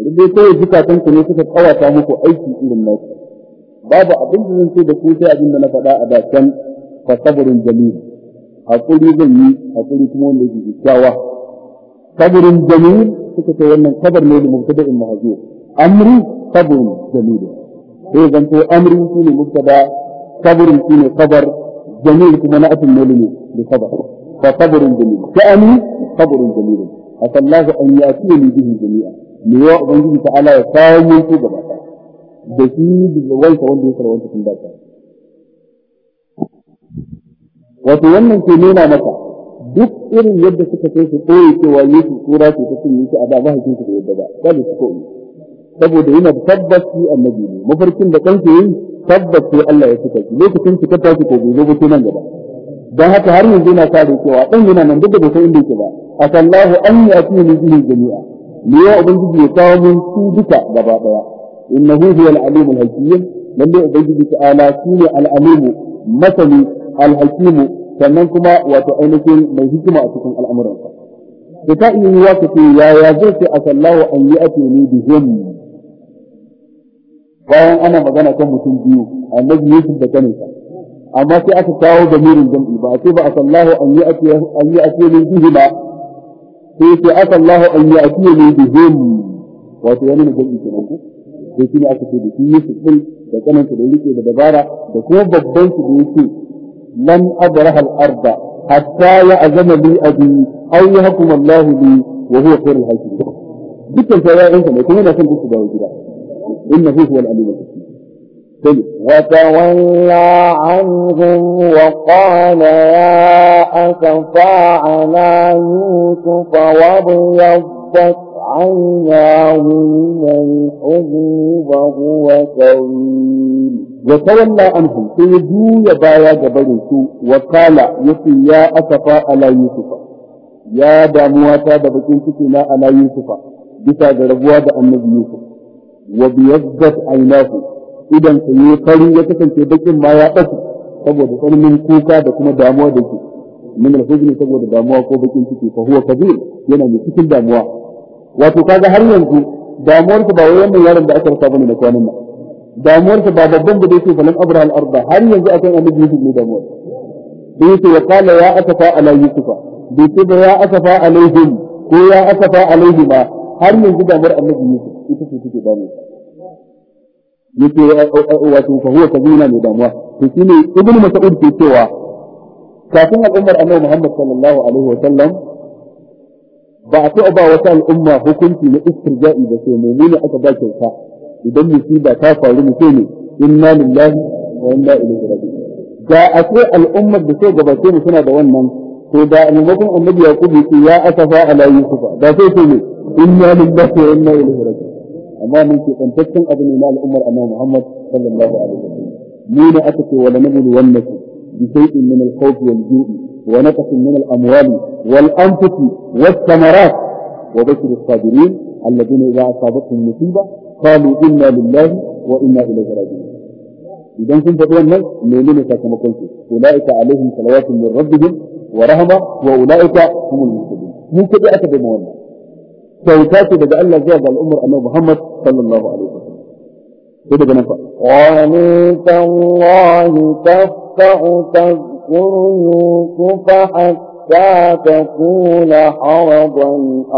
yanzu dai kawai zukatan ku ne suka kawata muku aiki irin nasu babu abin da zan ce da ku sai abin da na faɗa a dakan fa sabrun jamil hakuri zan yi hakuri kuma wanda yake kyakkyawa sabrun jamil suka ce wannan sabar ne da mubtada'in mahzuf amri sabrun jamil sai zan ce amri shine mubtada sabrun shine sabar jamil kuma na afin ne da sabar fa sabrun jamil amri sabrun jamil asallahu an yatiyani bihi jami'a me yawa ubangiji ta ala ya kawo mulki gaba da shi da wanka wanda ya sarwanta tun dace wato wannan ke nuna maka duk irin yadda suka kai su koyi cewa yesu tura ce ta cin yake a da ba hakin da yadda ba ba da su koyi saboda yana tabbas shi annabi ne mafarkin da kanke yi tabbas sai Allah ya suka shi lokacin su ta ko gobe ba nan gaba dan haka har yanzu yana sa da cewa dan yana nan duk da bai san inda yake ba asallahu an ya'tini bihi jami'a mu ubangiji ya kawo mun su duka gaba daya innahu huwal alimul hakim lalle ubangiji ta'ala ne al alimu masani al hakim sannan kuma wato ainihin mai hikima a cikin al'amuransa da ta iya yi wata ce yaya zai ce a sallahu an yi ake ne da bayan ana magana kan mutum biyu annabi yusuf da kaninsa amma sai aka kawo da mirin jam'i ba a ce ba a sallahu an yi ake ne da hima sai ce aka Allah an yi atiya ne da zai wato wani na kenan sai shi ne aka ce da shi Yusuf din da kananta da rike da dabara da kuma babban su da yake lan abraha al-arda hatta ya azama li abi aw yahkum Allah wa huwa khairul hakim dukkan sai ya yanka kuma na alim al-hakim وتولى عنهم وقال يا أسفى على يوسف وابيضت عيناه من الحزن وهو كريم وتولى عنهم سيدو يبايا جبريسو وقال يسي يا أسفى على يوسف يا دامواتا دبكين على يوسف بتاع ربوا النبي يوسف وبيضت عيناه idan sa yi fari ya kasance bakin ma ya ɗauki saboda tsananin kuka da kuma damuwa da ke min alhuzni saboda damuwa ko bakin ciki fa huwa kabir yana mai cikin damuwa wato kaga har yanzu damuwar ba wai wannan yaron da aka rasa bane na kwanan nan damuwar ba babban da yake falan abra al arba har yanzu akan annabi Yusuf ne damuwa da yake ya kala ya asafa ala yusufa bai ce da ya asafa alaihim ko ya asafa alaihima har yanzu damuwar annabi Yusuf ita ce take damuwa yake wato fa huwa kaduna mai damuwa to shine ibn mas'ud ke cewa kafin al'ummar annabi Muhammad sallallahu alaihi wa sallam ba a taɓa ba wata al'umma hukunci na istirja'i da sai mummuni aka ba kyauta idan musiba ta faru mu ne inna lillahi wa inna ilaihi raji'un da a ce al'ummar da sai gabace mu suna da wannan to da maimakon annabi yaqub ya asafa ala yusufa da sai sai ne inna lillahi wa inna ilaihi raji'un amma mun ke tsantaccen abu ne na al'ummar annabi Muhammad sallallahu alaihi wasallam mu da aka ce wala nabulu wannan bi shay'in min al-khawf wal-ju'i wa naqsin min al-amwal wal-anfus wath-thamarat wa bashir as-sabirin alladhina idha asabatuhum musiba qalu inna lillahi wa inna ilayhi raji'un idan sun faɗi wannan menene sakamakon su ulaika alaihim salawatun min rabbihim wa rahma wa ulaika humul muhtadun mun kudi aka bai wannan بيتاتي بدأ الله زيادة الأمر أنه محمد صلى الله عليه وسلم كده بنفع وعنيت الله تفع تذكر يوسف حتى تكون حرضا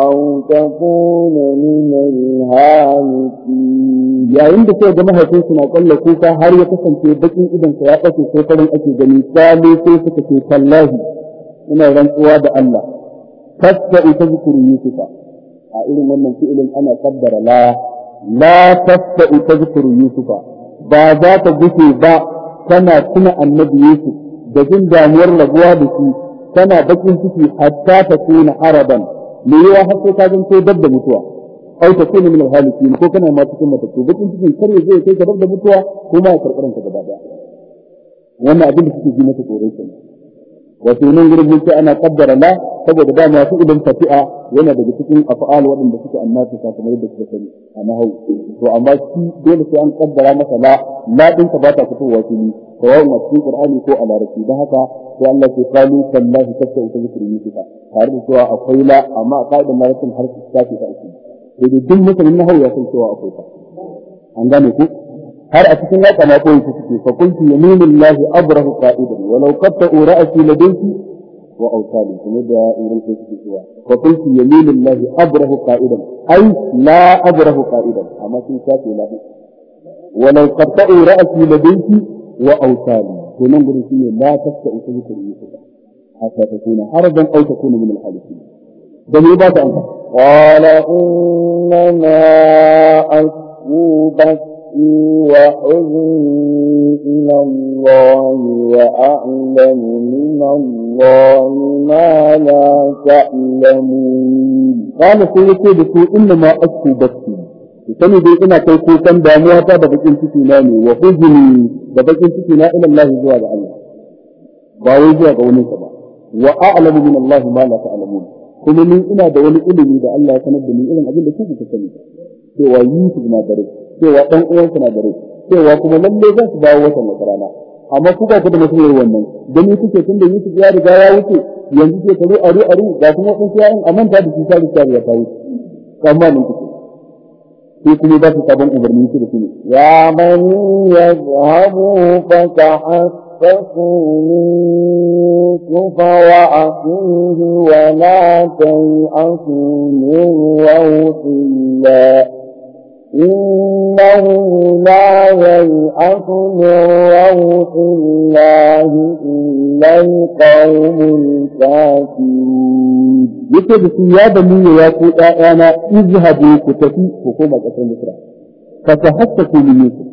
أو تكون من الهالكين يا عندك سيد جماعه في سنه قال لك كيف هل يقسم في بكي ابن سياقه في سيطر الاكل بمثال في سكه الله من الرنقوا بان الله فاستا تذكر يوسف a irin wannan fi'ilin ana kaddara la la tasfa'u tadhkuru yusufa ba za ta gushe ba Kana tuna annabi yusuf da jin damuwar rabuwa da shi kana bakin ciki hatta ta kuna araban me yawa har sai ka zanto dabba mutuwa ai ta kuna min alhalikin ko kana ma cikin matattu bakin cikin kare zai kai ka dabba mutuwa ko ma ya karɓar ka gaba daya wannan abin da suke ji masa tsoro kenan wato nan gurin mun ana kaddara la saboda dama su idan tafi'a yana daga cikin af'al waɗanda suke annabi sakamakon da suka sani a nahau to amma shi dole sai an kaddara masa la la din ka bata fitowa fili sawa'un a cikin qur'ani ko a larabci don haka sai Allah ke kalu sallahi kasta uta zikri yusuf tare da cewa akwai la amma a ka'idar larabcin har su tafi ta uku sai duk mutumin nahau ya san cewa akwai ta an gane ku هل أتكلم لك ما قلت فيه فقلت يمين الله أبره قائدا ولو قد رأسي لديك وأوصالي فمدى إلى الكسف فقلت يمين الله أبره قائدا أي لا أبره قائدا أما سيكاتي لا ولو قد رأسي لديك وأوصالي فننظر فيه لا تفتأ سيك الإنسان حتى تكون حرجا أو تكون من الحالسين دميبات أنت قال إنما أسوبك بأسي وحزني إلى الله وأعلم من الله ما لا تعلمون قال سيدي بكو إنما أشكو بكي sani dai ina kai kukan damuwa ta da bakin ciki na ne wa huzuni da bakin ciki na ila Allah zuwa ga Allah ba wai zuwa ga wani ba wa a'lamu min Allah ma la ta'lamun kuma ni ina da wani ilimi da Allah ya sanar da ni irin abin da kuke sani cewa Yusuf ma bare cewa dan uwansa na gare cewa kuma lalle zan su dawo watan wata rana amma ku ba ku da yi wannan don ni kuke tun da Yusuf ya riga ya wuce yanzu ke karu aru aru ga kuma wasu yayin a manta da shi sai ya ta amma kuke sai kuma ba su sabon umarni su da shi ya man yazhabu fa تحسسوا يوسف وأخيه ولا تيأسوا من روح الله إنه لا يلأس من روح الله إلا القوم الكافرين يكي بسي يا بني يا كوئانا اذهبوا كتفي حكومة أسر مصر فتحسكوا من يوسف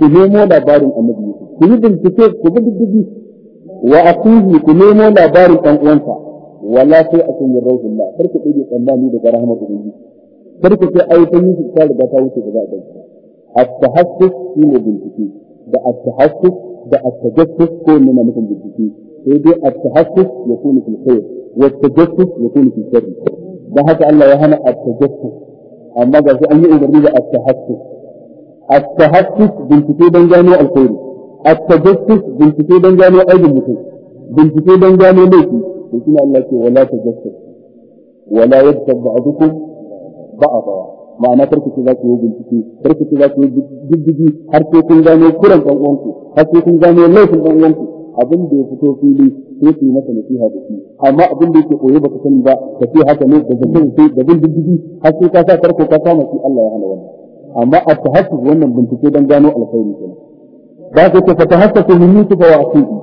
كنومو لبار الأمد يوسف كنودن كتير كبب الدبي وأقوه كنومو لبار الأمد ولا تأتوا من روح الله فرك إيدي أمامي بك رحمة الله karka ce ai ta yusuf ta riga ta wuce gaba da at-tahassus shi ne bincike da at-tahassus da at-tajassus ko ne na mutum bincike sai dai at-tahassus ya kuma fil khair wa at-tajassus ya kuma fil shar da haka Allah ya hana at-tajassus amma ga sai an yi umarni da at-tahassus at-tahassus bincike don gano alkhairi at-tajassus bincike don gano aibin mutum bincike don gano laifi to shine Allah ke wala tajassus wala yadda ba'dukum ba'dawa ma'ana karku ce za ki yi bincike karku ce za ki yi diddigi har sai kun gano kuran dan uwanku har sai kun gano laifin dan uwanku abin da ya fito fili sai ku yi masa nasiha da shi amma abin da yake koyo baka sani ba ka ce haka ne da zakin sai da bin diddigi har sai ka sa karko ka kama shi Allah ya hana wannan amma a tahassus wannan bincike dan gano alkhairi kenan ba ku ta tahassasu min mutu fa wa'tihi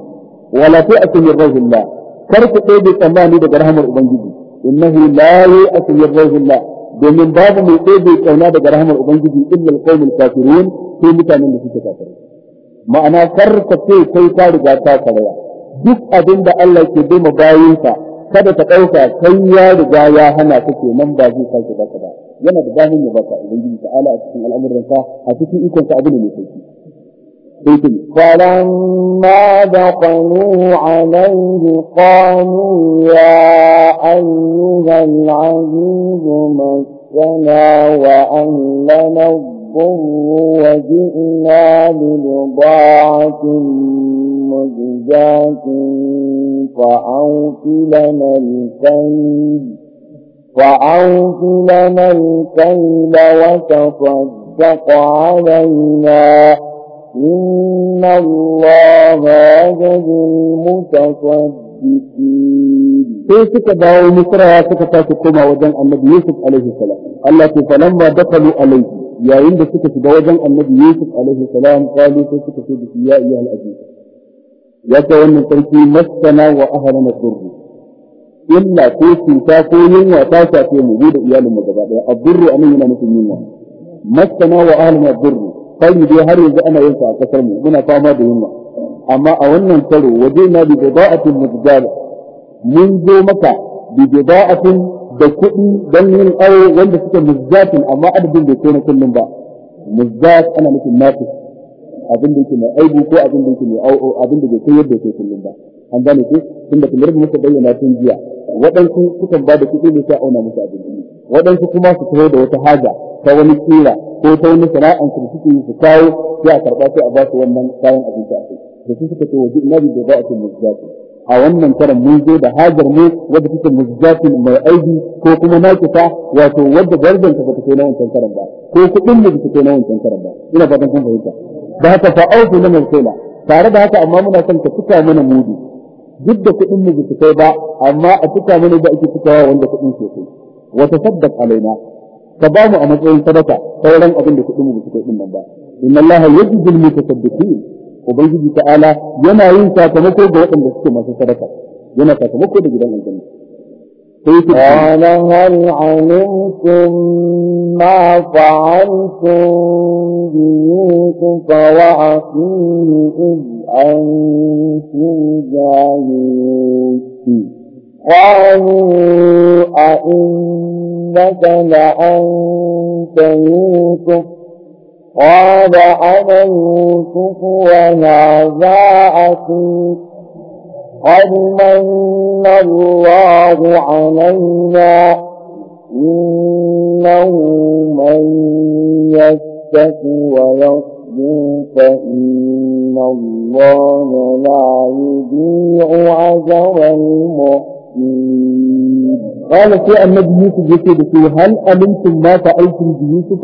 wala ta'tu min rahillah kar ku dai tsammani daga rahmar ubangiji innahu la ya'tu min rahillah domin babu mai tsebe kauna daga rahmar ubangiji illa alqaumul kafirun sai mutanen da suke kafirai ma'ana kar ka ce kai ka riga ka karaya duk abin da Allah ke bai ma kada ka ɗauka kai ya riga ya hana ka nan ba zai sake baka ba yana da damin ya baka ubangiji ta'ala a cikin al'amuransa a cikin ikonsa abu ne mai sauki فلما دخلوا عليه قالوا يا أيها العزيز مسنا وأهلنا الضر وجئنا ببضاعة مجزاة فأوفلنا الكيل فأوفلنا الكيل وتصدق علينا إن الله يجزي المتصدقين sai suka dawo misra suka sake koma wajen annabi yusuf alaihi salam Allah ce falamma dakalu alaihi yayin da suka shiga wajen annabi yusuf alaihi salam kalu sai suka ce biki ya iya al'aji ya ce wannan sarki maskana wa ahlana durru illa ko cuta ko yunwa ta shafe mu da iyalin mu gaba daya abdurru anan yana wa fari dai har yanzu ana yin sa a kasar mu muna fama da yunwa amma a wannan karo waje na bi bida'atin mujjala mun zo maka bi bida'atin da kuɗi don yin aure wanda suke mujjatin amma adadin bai kai na kullum ba mujjat ana nufin nafis abin da yake mai aibu ko abin da yake mai awo abin da bai kai yadda yake kullum ba an gane ku tunda kamar da muka bayyana tun jiya waɗansu sukan ba da kuɗi ne sai auna musu abinci waɗansu kuma su taho da wata haja ta wani kira ko ta wani sana'an su suke su kawo sai a karɓa sai a ba su wannan kayan abinci a kai da su suka ce wa ji nabi da ba'atul mujjati a wannan karan mun zo da hajar mu wadda take mujjati mai aiki ko kuma nakisa wato wadda gardan ta bata kai na wancan karan ba ko kuɗin mu bata kai na wancan karan ba ina fatan kun fahimta da haka fa fa'autu na mutsaila tare da haka amma muna son ka cika mana mudu duk da kuɗin mu bata kai ba amma a cika mana da ake cikawa wanda kuɗin ke kai wa tasaddaq alaina ka ba mu a matsayin sadaka sauran abin da kuɗin mu suka din nan ba inna allaha ta mutasabbiqin ubangiji ta'ala yana yin sakamako ga waɗanda suke masu sadaka yana sakamako da gidan aljanna قال هل علمتم ما فعلتم بيوسف وأخيه إذ أنتم جاهلون قالوا أئنك لأنت يوسف قال أنا يوسف وهذا أخي قد من الله علينا إنه من يتق ويصبر فإن الله لا يضيع أجر المحسنين قال في النبي يوسف يسير هل علمتم ما فعلتم بيوسف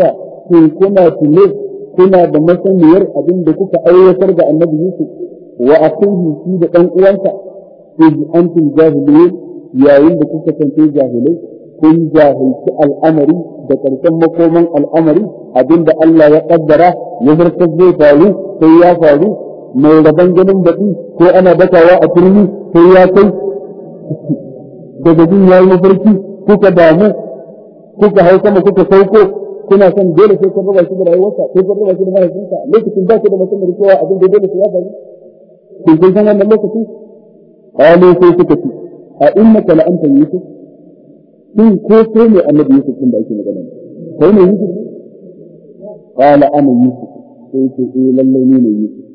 في كنا تلف كنا بمسنير أبن بكوك أو يسرد النبي da وأخيه في بقن أوانسا إذ أنتم جاهلين يا إن بكوك كنتم جاهلين kun jahilci al'amari da ƙarshen makoman al'amari abinda Allah ya ƙaddara ya zartar zai faru sai ya faru mai rabon ganin baɗi ko ana dakawa a turmi sai ya kai daga ya yi mafarki kuka damu kuka hau sama kuka sauko kuna son dole sai kun raba shi da rayuwarsa sai kun raba shi da mahaifinsa lokacin ba ku da mutum da cewa abin da dole sai ya faru kun kun san wannan lokacin qalu sai suka ce a innaka la anta yusuf din ko sai ne annabi yusuf din da ake magana kai ne yusuf qala ana yusuf sai ce eh lalle ni ne yusuf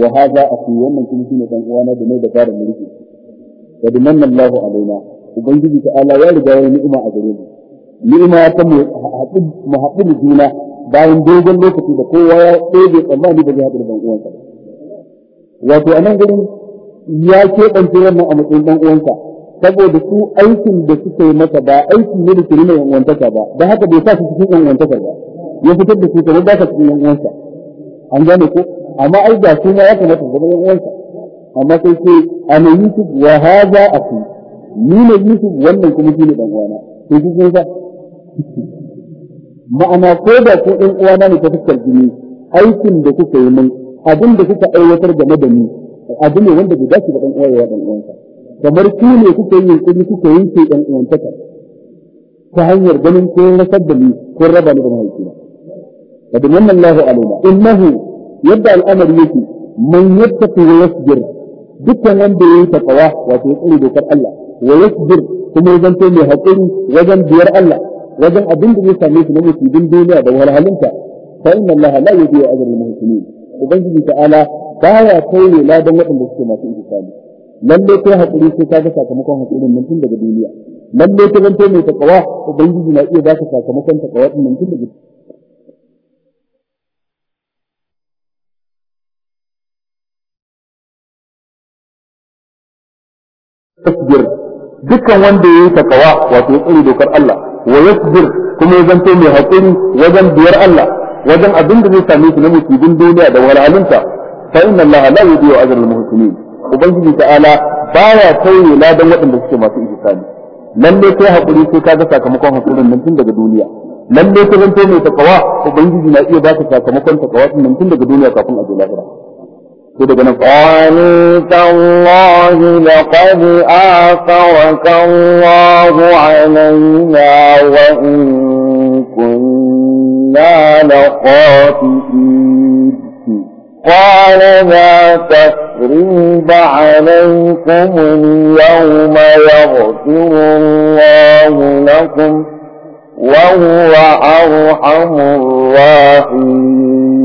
wa hadha akhi wannan kuma shine dan uwana da ne da fara mulki kad manna Allahu alaina ubangiji ta ala ya riga yayi ni'ima a gare mu ni'ima ta mu haɗu mu haɗu mu juna bayan dogon lokaci da kowa ya ɗebe tsammani da zai haɗu da ɗan uwansa wato a nan gurin ya keɓance wannan a matsayin ɗan uwansa saboda su aikin da suka yi masa ba aiki ne da ke nuna yanwantaka ba da haka bai sa su cikin yanwantakar ba ya fitar da su kamar ba sa cikin yanwansa an gane ko amma ai ga su ma ya kamata su zama yanwansa amma sai ce ana yusuf wa haza a kuma ni ne Yusuf wannan kuma shi ne ɗan uwana to shi kun sa ma'ana ko da ko ɗan uwana ne ta fuskar jini aikin da kuka yi mun abin da kuka aiwatar game da ni abin ne wanda guda shi da ɗan uwana ya ɗan uwansa kamar ku ne kuka yi yunkuri kuka yanke dan uwantaka ta hanyar ganin ko rasar da ni ko raba ni da mahaifina fa bi manna Allahu alaina innahu yadda al'amari yake man yattaqi wa yasbir dukkan wanda yi takawa wato ya tsare dokar Allah wa yasbir kuma ya zanto mai haƙuri wajen biyar Allah wajen abin da zai same shi na duniya da wahalhalinta fa inna Allah la yudiyu ajra al ubangiji ta'ala baya kauye ladan waɗanda suke masu ihsani lalle kai haƙuri sai ka ga sakamakon haƙurin nan tun daga duniya lalle ka zanto mai takawa ubangiji na iya baka sakamakon takawa din nan tun daga dukkan wanda ya yi takawa wato ya tsare dokar Allah wa yasbir kuma ya zanto mai hakuri wajen biyar Allah wajen abin da zai same shi na musibin duniya da walhalinta fa inna Allah la yudiyu ajral muhsinin ubangiji ta'ala baya tauye ladan waɗanda suke masu ihsani lalle kai hakuri sai kaga sakamakon hakurin nan tun daga duniya lalle ka zanto mai takawa ubangiji na iya baka sakamakon takawa nan tun daga duniya kafin a zo lahira قالوا تالله لقد آثرك الله علينا وإن كنا لخاطئين قال لا تقريب عليكم اليوم يغفر الله لكم وهو أرحم الراحمين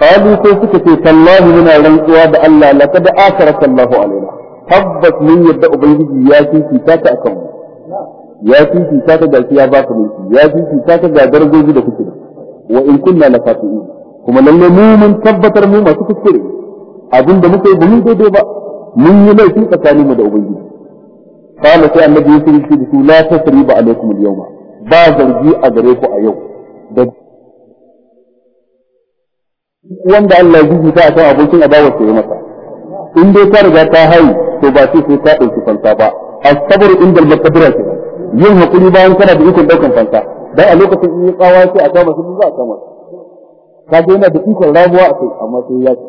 قالوا sai suka ce tallahi muna rantsuwa da Allah laqad asaraka Allahu alaina tabbas mun yadda ubangiji ya fifita ta akan mu ya fifita ta gashi ya ba ku mulki ya fifita ta ga darajoji da kuke wa in kunna la fati'in kuma lalle mu mun tabbatar mu masu kuskure abin da muka ba mun daidai ba mun yi laifi tsakanin mu da sai ya tasriba alaikum ba zargi a gare ku a yau wanda Allah ya jiji ta kan abokin adawa sai mata, in dai ta riga ta hayi to ba su sai ta ɗauki fanta ba sabar inda ta makabira ke yin hakuri bayan kana da ikon ɗaukan fanta dan a lokacin in yi kawa sai a kama sun za a kama ka ga yana da ikon rabuwa a kai amma sai ya ce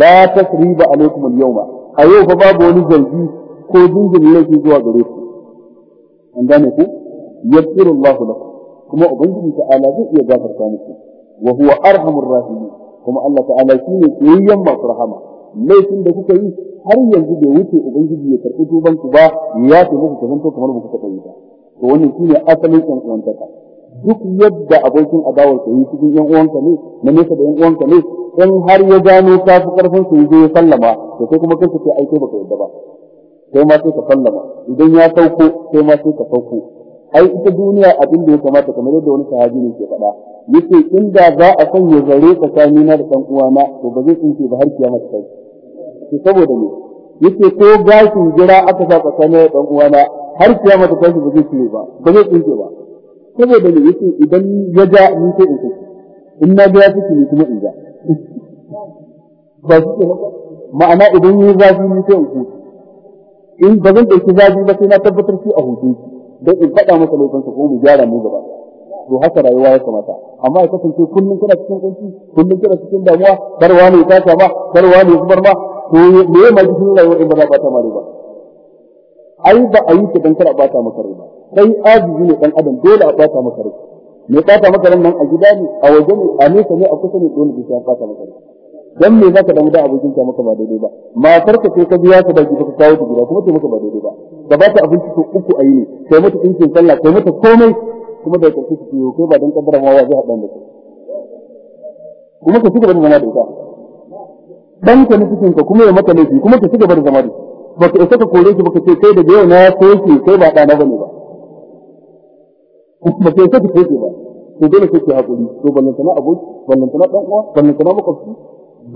la tasriba alaikum al-yawma a yau fa babu wani zargi ko jinjin laifi zuwa gare ku an gane ku yaghfirullahu lakum kuma ubangiji ta'ala zai iya gafarta muku wa huwa arhamur rahimin kuma Allah ta'ala shi ne tsayayyen masu rahama laifin da kuka yi har yanzu bai wuce ubangiji ya karɓi tuban ku ba ya ce muku kazanto kamar ba ku taɓa yi ba to wannan shine asalin ɗan uwantaka duk yadda abokin adawar ka yi cikin yan uwanka ne na nesa da yan uwanka ne in har ya gano ka fi karfin su yaje ya sallama to sai kuma kai ka ce ai kai baka yadda ba sai ma sai ka sallama idan ya sauko sai ma sai ka sauko ai ita duniya abin da ya kamata kamar yadda wani sahabi ne ke faɗa yace inda za a sanya zare tsakani na da ɗan uwana to ba zai tsinke ba har kiyama ta kai saboda me yace ko gashin jira aka sa tsakani da ɗan uwana har kiyama ta kai ba zai tsinke ba ba zai tsinke ba saboda me yace idan ya ja ni sai in tsinke in na ga ya tsinke ni kuma in ja ba su ke ma'ana idan yi zafi ni sai in tsinke in ba zan ɗauki zafi ba sai na tabbatar shi a hutu don in faɗa masa laifinsa ko mu gyara mu gaba to haka rayuwa ya kamata amma ya kasance kullum kana cikin kunci kullum kana cikin damuwa barwa ne ya ta ba barwa ne kubar ma. to me ya maji cikin rayuwa in ba za ba ta mare ba ai ba a yi ta dan kada bata maka rai ba kai ajizi ne dan adam dole a bata maka rai me bata maka nan a gida ne a waje ne a nesa ne a kusa ne dole ka bata maka rai dan me zaka damu da abokin ka maka ba daidai ba matar ka sai ka biya ka da ka kawo ta gida kuma ta maka ba daidai ba da ba ta abinci to uku a yi ne kai mata ɗinkin sallah kai mata komai kuma da ƙarshe su ciwo kai ba don kaddara ma zai haɗa da kuma ka ci gaba da zama da ita dan ka nufin ka kuma ya mata laifi kuma ka ci gaba da zama da ba ka isa ka kore shi ba ka ce kai da yau na soke kai ba ɗana ba ne ba ba ka isa ka soke ba to dole sai ke haƙuri to ballantana aboki ballantana ɗan uwa ballantana makwabci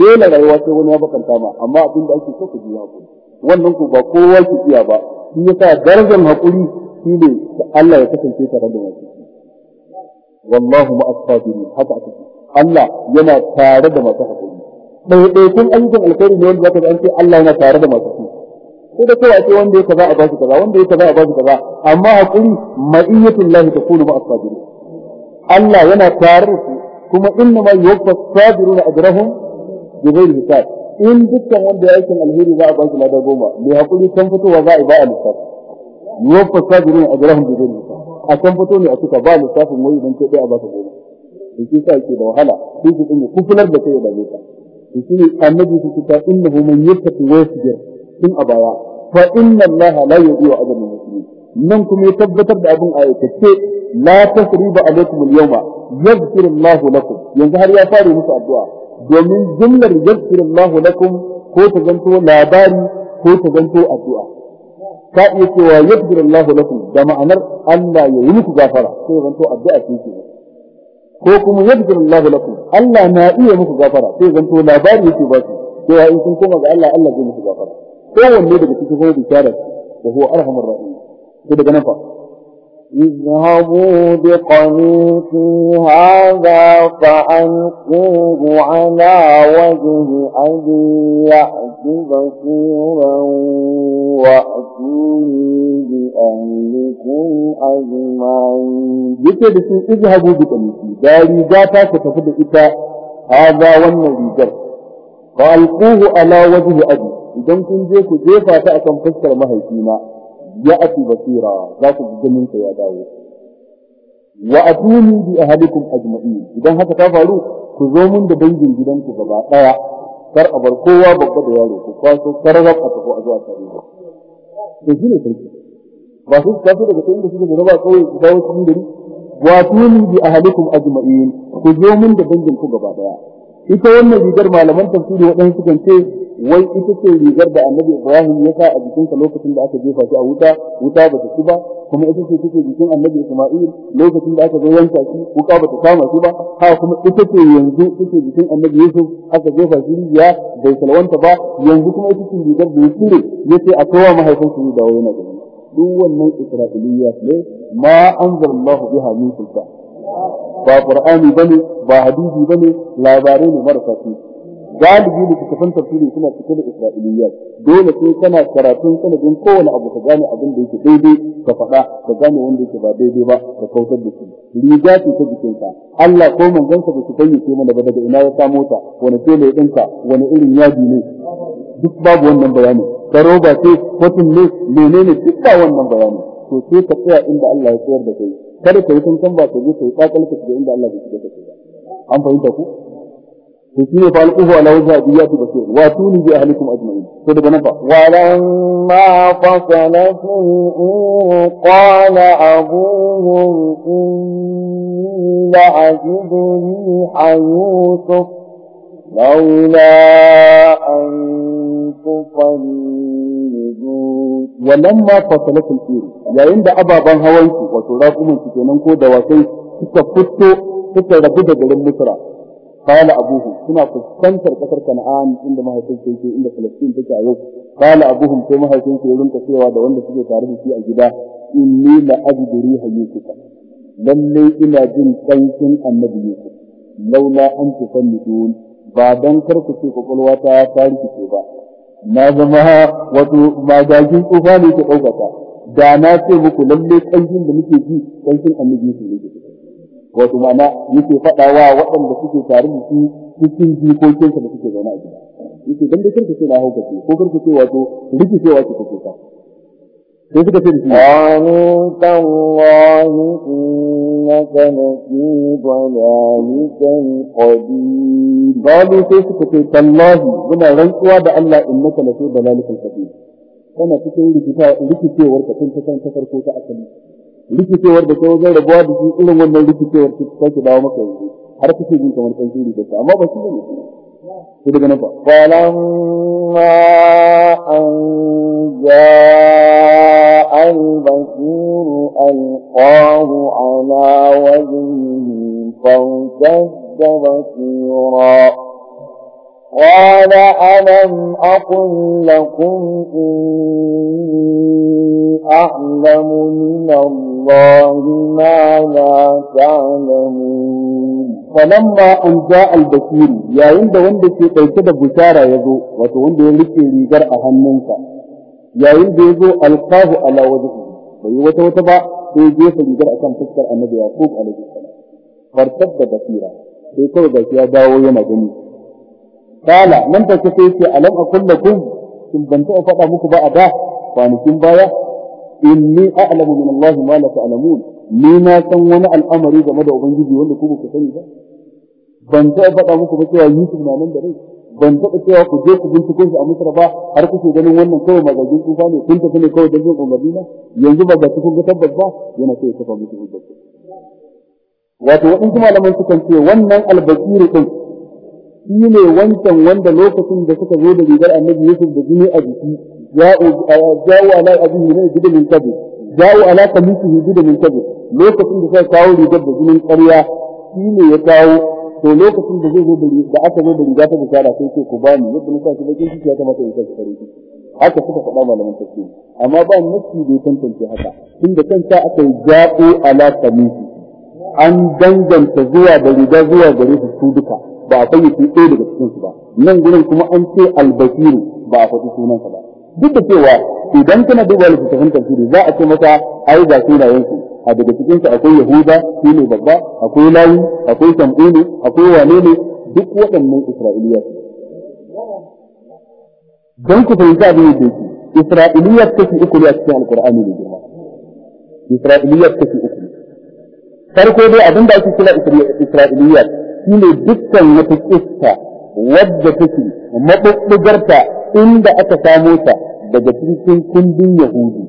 dole rayuwa sai wani ya bakanta ma amma abin da ake so ka ji haƙuri wannan ko ba kowa ki iya ba shi yasa darajar haƙuri shi ne da Allah ya kasance tare da masu wallahu ma'as sabirin haka aka ce Allah yana tare da masu haƙuri ɗaiɗaikun ayyukan alkhairi ne wanda zaka ji an ce Allah yana tare da masu haƙuri ko da kowa ce wanda ya kaza a bashi kaza wanda ya kaza a bashi kaza amma haƙuri ma'iyyatul lahi takunu ma'as sabirin Allah yana tare da su kuma inna ma yuwaffa sabiruna ajrahum bi ghairi hisab in dukkan wanda ya aikin alheri za a ba shi lada goma mai hakuri kan fitowa za a yi ba a lissafi yuwaffa sabirin a jirahun bidon lissafi a kan fito ne a cika ba lissafin wai idan ce ɗaya ba ka goma da shi sa ke da wahala shi su ɗin kufular da kai ya dame ka da shi ne annabi su cika innahu man yattaqi wa yasbir tun a baya fa inna allaha la yudhi'u ajra al-muslimin nan kuma ya tabbatar da abin ayyukace la tasriba alaykum al-yawma yaghfirullahu lakum yanzu har ya fara musu addu'a domin jumlar yaghfirullahu lakum ko ta zanto labari ko ta zanto addu'a ka iya cewa yaghfirullahu lakum da ma'anar Allah ya yi muku gafara sai zanto addu'a ce ke ko kuma yaghfirullahu lakum Allah na iya muku gafara sai zanto labari yake ba su cewa in sun koma ga Allah Allah zai muku gafara kowanne daga cikin hukumar bishara da huwa arhamar rahim to daga nan fa اذهبوا بقميصي هذا فألقوه على وجه أبي يأت بصيرا وأتوني بأهلكم أجمعين. يقول اذهبوا بقميصي، داري جاتا كتفد إتا هذا والنبي فألقوه على وجه أبي. إذا كنت جيت جيفا تأتم فسر مهيكينا. Ya ya'ti basira za ku ji ganin ya dawo wa atuni bi ahlikum ajma'in idan haka ta faru ku zo mun da dangin gidanku gaba daya kar a bar kowa babba da yaro ku kwaso karrab a tafi a zuwa tare da to ne sarki ba su tafi daga inda suke da raba kawai su dawo cikin gari wa atuni bi ahlikum ajma'in ku zo mun da dangin ku gaba daya ita wannan rigar malaman tafsiri waɗansu kan ce wai ita ce rigar da annabi Ibrahim ya sa a jikinsa lokacin da aka jefa shi a wuta wuta ba ta ci ba kuma ita ce take jikin annabi Isma'il lokacin da aka zo yanka shi wuka ba ta kama shi ba ha kuma ita ce yanzu take jikin annabi Yusuf aka jefa shi ya bai salwanta ba yanzu kuma ita ce rigar da ya cire ya ce a kowa mahaifinsa ya dawo yana gani duk wannan Isra'iliya ne ma anzalallahu biha min sultan ba qur'ani bane ba hadisi bane labarai ne marasa galibi littattafan tafsiri suna cike da isra'iliyya dole sai kana karatun sanadin kowane abu ka gane abin da yake daidai ka faɗa ka gane wanda yake ba daidai ba ka kautar da shi riga ce ta jikinka Allah ko manzansa ba su bayyace mana ba daga ina ya samo ta wani tele ya ɗinka wani irin yadi ne duk babu wannan bayani ka roba ce kotun ne menene duk ba wannan bayani to sai ka tsaya inda Allah ya tsayar da kai kada ka yi tantan ba ka je ka yi tsakalka da inda Allah bai shiga ka ba an fahimta ku وكيف فألقوه على وجه أبيات بشير واتوني بأهلكم أجمعين صدق نفع ولما فصلت الأمور قال أبوهم إني لعجب ريح يوسف لولا أن تفلدوا ولما فصلت الأمور يا عند أبا بن هويت وتراكم من سكينكم دواتي suka fito suka rabu qala abuhu suna fuskantar kasar kana'a inda mahaifinsa yake inda filistin take a yau qala abuhum sai mahaifinsa ya rinka cewa da wanda suke tare da shi a gida inni la ajidu riha yusufa lalle ina jin kankin annabi yusuf laula an tufannidun ba dan kar ku ce ta ta rikice ba na wato magagin tsufa ne ta ɗaukaka da na ce muku lalle kankin da nake ji kankin annabi yusuf wato ma'ana yake faɗa wa waɗanda suke tare da shi cikin sa da suke zaune a gida yake dan da kirka ce na hauka ce ko kirka ce wato sai ce kake ka sai suka ce da shi qalu tallahi innaka lafi dalalikal qadim qalu sai suka ce tallahi muna rantsuwa da Allah innaka lafi dalalikal qadim kana cikin rikicewar ka tun ta farko ta asali rikicewar da kuma zai rabuwa da shi irin wannan rikicewar ta sake dawo maka yanzu har kake jin kamar kan shiri da amma ba shi ne ko daga nan ba falamma an ja al basir al qahu ala wajhihi fa tadabira قال ألم أقل لكم إني أعلم من الله ما لا تعلمون فلما أن جاء البكير يا عند وند في قيسد بشارة يزو وتوند يلك ريجر أهمنك يا عند يزو ألقاه على وجهه بيوته وتبع في جيس ريجر أكام تذكر النبي يعقوب عليه السلام فارتد بكيرا في كل يا داوي مدني kala nan da kake yace alam aqul lakum kin ban ta faɗa muku ba a da kwanakin baya inni a'lamu min Allah ma la ta'lamun ni na san wani al'amari game da ubangiji wanda ku ku sani ba ban ta faɗa muku ba cewa Yusuf na nan da rai ban taɓa cewa ku je ku binciko shi a Misra ba har kuke ganin wannan kawai magajin kufa ne kun tafi ne kawai da jin umarni na yanzu ba ga kun ga tabbas ba yana so ya kafa musu hujja wato waɗansu malaman sukan ce wannan albasiru din shi ne wancan wanda lokacin da suka zo da rigar annabi Yusuf da jini a jiki jawo ala abihi ne gida min kabe jawo ala kamisihi gida min kabe lokacin da suka kawo rigar da jinin ƙarya shi ne ya kawo to lokacin da zai zo da aka zo da riga ta bishara sai ce ku bani yadda na sa shi bakin ciki ya kamata in kashi kare haka suka faɗa malaman tafsiri amma ba nasi bai tantance haka tunda kanta aka yi jawo ala kamisihi an danganta zuwa da riga zuwa gare su su duka ba a fayyace ɗaya daga cikinsu ba nan gurin kuma an ce albasiru ba a faɗi sunansa ba duk da cewa idan kana duba littattafan tafsiri za a ce masa ai ga sunayen a daga cikinsu akwai yahuda shi ne babba akwai lawi akwai sam'ulu akwai wane ne duk waɗannan isra'iliya don ku fahimci abin da yake isra'iliya kashi uku ne a cikin alkur'ani ne girma isra'iliya kashi uku farko dai abin da ake kira isra'iliya shi ne dukkan wata iska wadda take maɓuɓɓugarta inda aka samo ta daga cikin kundin Yahudi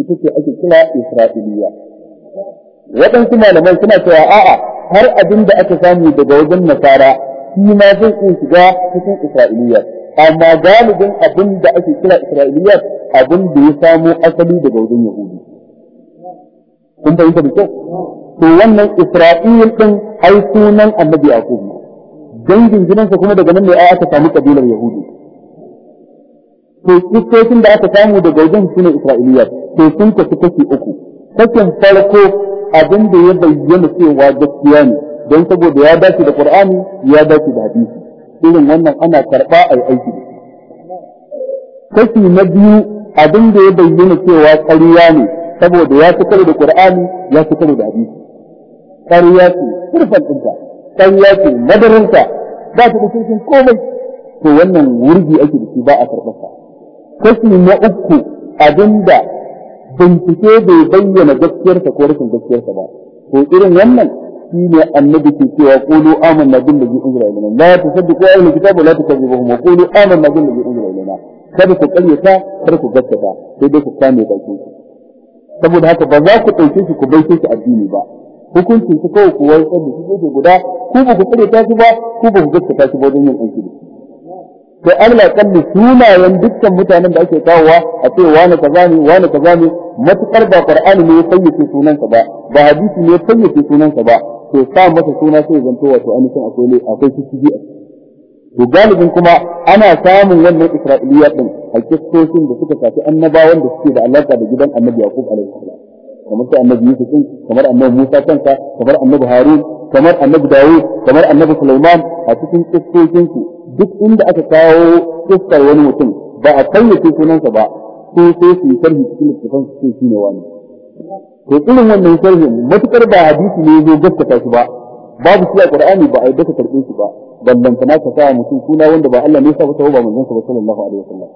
ita ce ake kira Isra'iliya. Waɗansu malaman suna cewa a'a har abin da aka samu daga wajen nasara shi ma zai iya shiga cikin Isra'iliya. Amma galibin abin da ake kira Isra'iliya abin da ya samo asali daga wajen Yahudi. Kun fahimta da kyau? to wannan Isra'il din ai sunan Annabi Yaqub dangin gidansa kuma daga nan ne ai aka samu kabilar Yahudi to kitocin da aka samu daga gidan sunan Isra'iliya to sun kasu kashi uku kakan farko abin da ya bayyana cewa gaskiya ne don saboda ya dace da Qur'ani ya dace da hadisi irin wannan ana karba ai aiki da kashi na biyu abin da ya bayyana cewa ƙarya ne saboda ya fitar da Qur'ani ya fitar da hadisi ƙarya ce turfan ɗinta ƙarya ce madarinta ba ta da kirkin komai to wannan wurgi ake da shi ba a karɓarsa kashi na uku abinda bincike bai bayyana gaskiyarsa ko rashin gaskiyarsa ba to irin wannan shi ne annabi ke cewa na qulu amanna billahi unzila ilayna la tusaddiqu ahlul kitabi la tukazzibuhum wa qulu amanna billahi unzila ilayna kada ku ƙaryata kada ku gaskata sai dai ku kame bakin saboda haka ba za ku ɗauke shi ku bai shi addini ba hukunci shi kawai kuwa ya tsalle shi gefe guda ku ba ku tsare ta shi ba ku ba ku gaskata shi ba wajen yin aiki da to Allah kalli sunayen dukkan mutanen da ake kawowa a ce wani kaza ne wani kaza ne matukar ba Qur'ani ne ya fayyace sunansa ba ba hadisi ne ya fayyace sunansa ba to sa masa suna sai zanto wato ainihin akwai ne akwai kici a to galibin kuma ana samun wannan Isra'iliya din a kiskoshin da suka shafi annabawan da suke da alaka da gidan Annabi Yaqub alaihi salam kamar ta annabi Yusuf kamar annabi Musa kanka kamar annabi Harun kamar annabi Dawud kamar annabi Sulaiman a cikin kiskokin su duk inda aka kawo kiskar wani mutum ba a kayyace sunansa ba ko sai su sharhi cikin littafin su ce shine wani to irin wannan sharhin matukar ba hadisi ne zo gaskata shi ba babu shi a Qur'ani ba a daka karbe shi ba ballantana ka sa mutum suna wanda ba Allah ne ya sa ba ba manzon sa sallallahu alaihi wasallam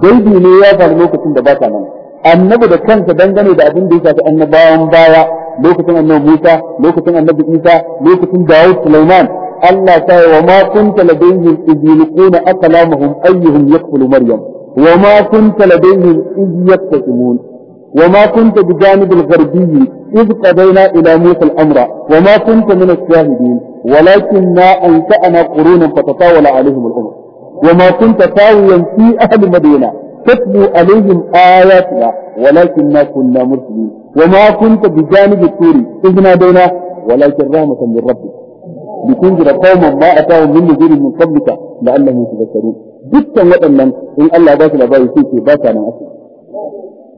daidai ne ya faru lokacin da ba ka nan annabi da kansa dangane da abin da ya shafi annabawan baya lokacin annabi Musa lokacin annabi Isa lokacin Dawud Sulaiman Allah ta wa ma kunta ladayhim idh yulquna aqlamahum ayyuhum yakfulu maryam wa ma kunta ladayhim idh ila وما كنت بجانب الغربي إذ قضينا إلى موسى الأمر وما كنت من ana ولكننا أنشأنا قرونا فتطاول عليهم Wa وما كنت ساويا في أهل مدينة تتلو عليهم آياتنا ولكننا كنا مرسلين وما كنت بجانب الطور إذ نادينا ولكن رحمة من ربك لتنذر قوما ما أتاهم من نذير من قبلك لعلهم يتذكرون dukkan waɗannan in Allah ba su labari sai ce ba sa nan asali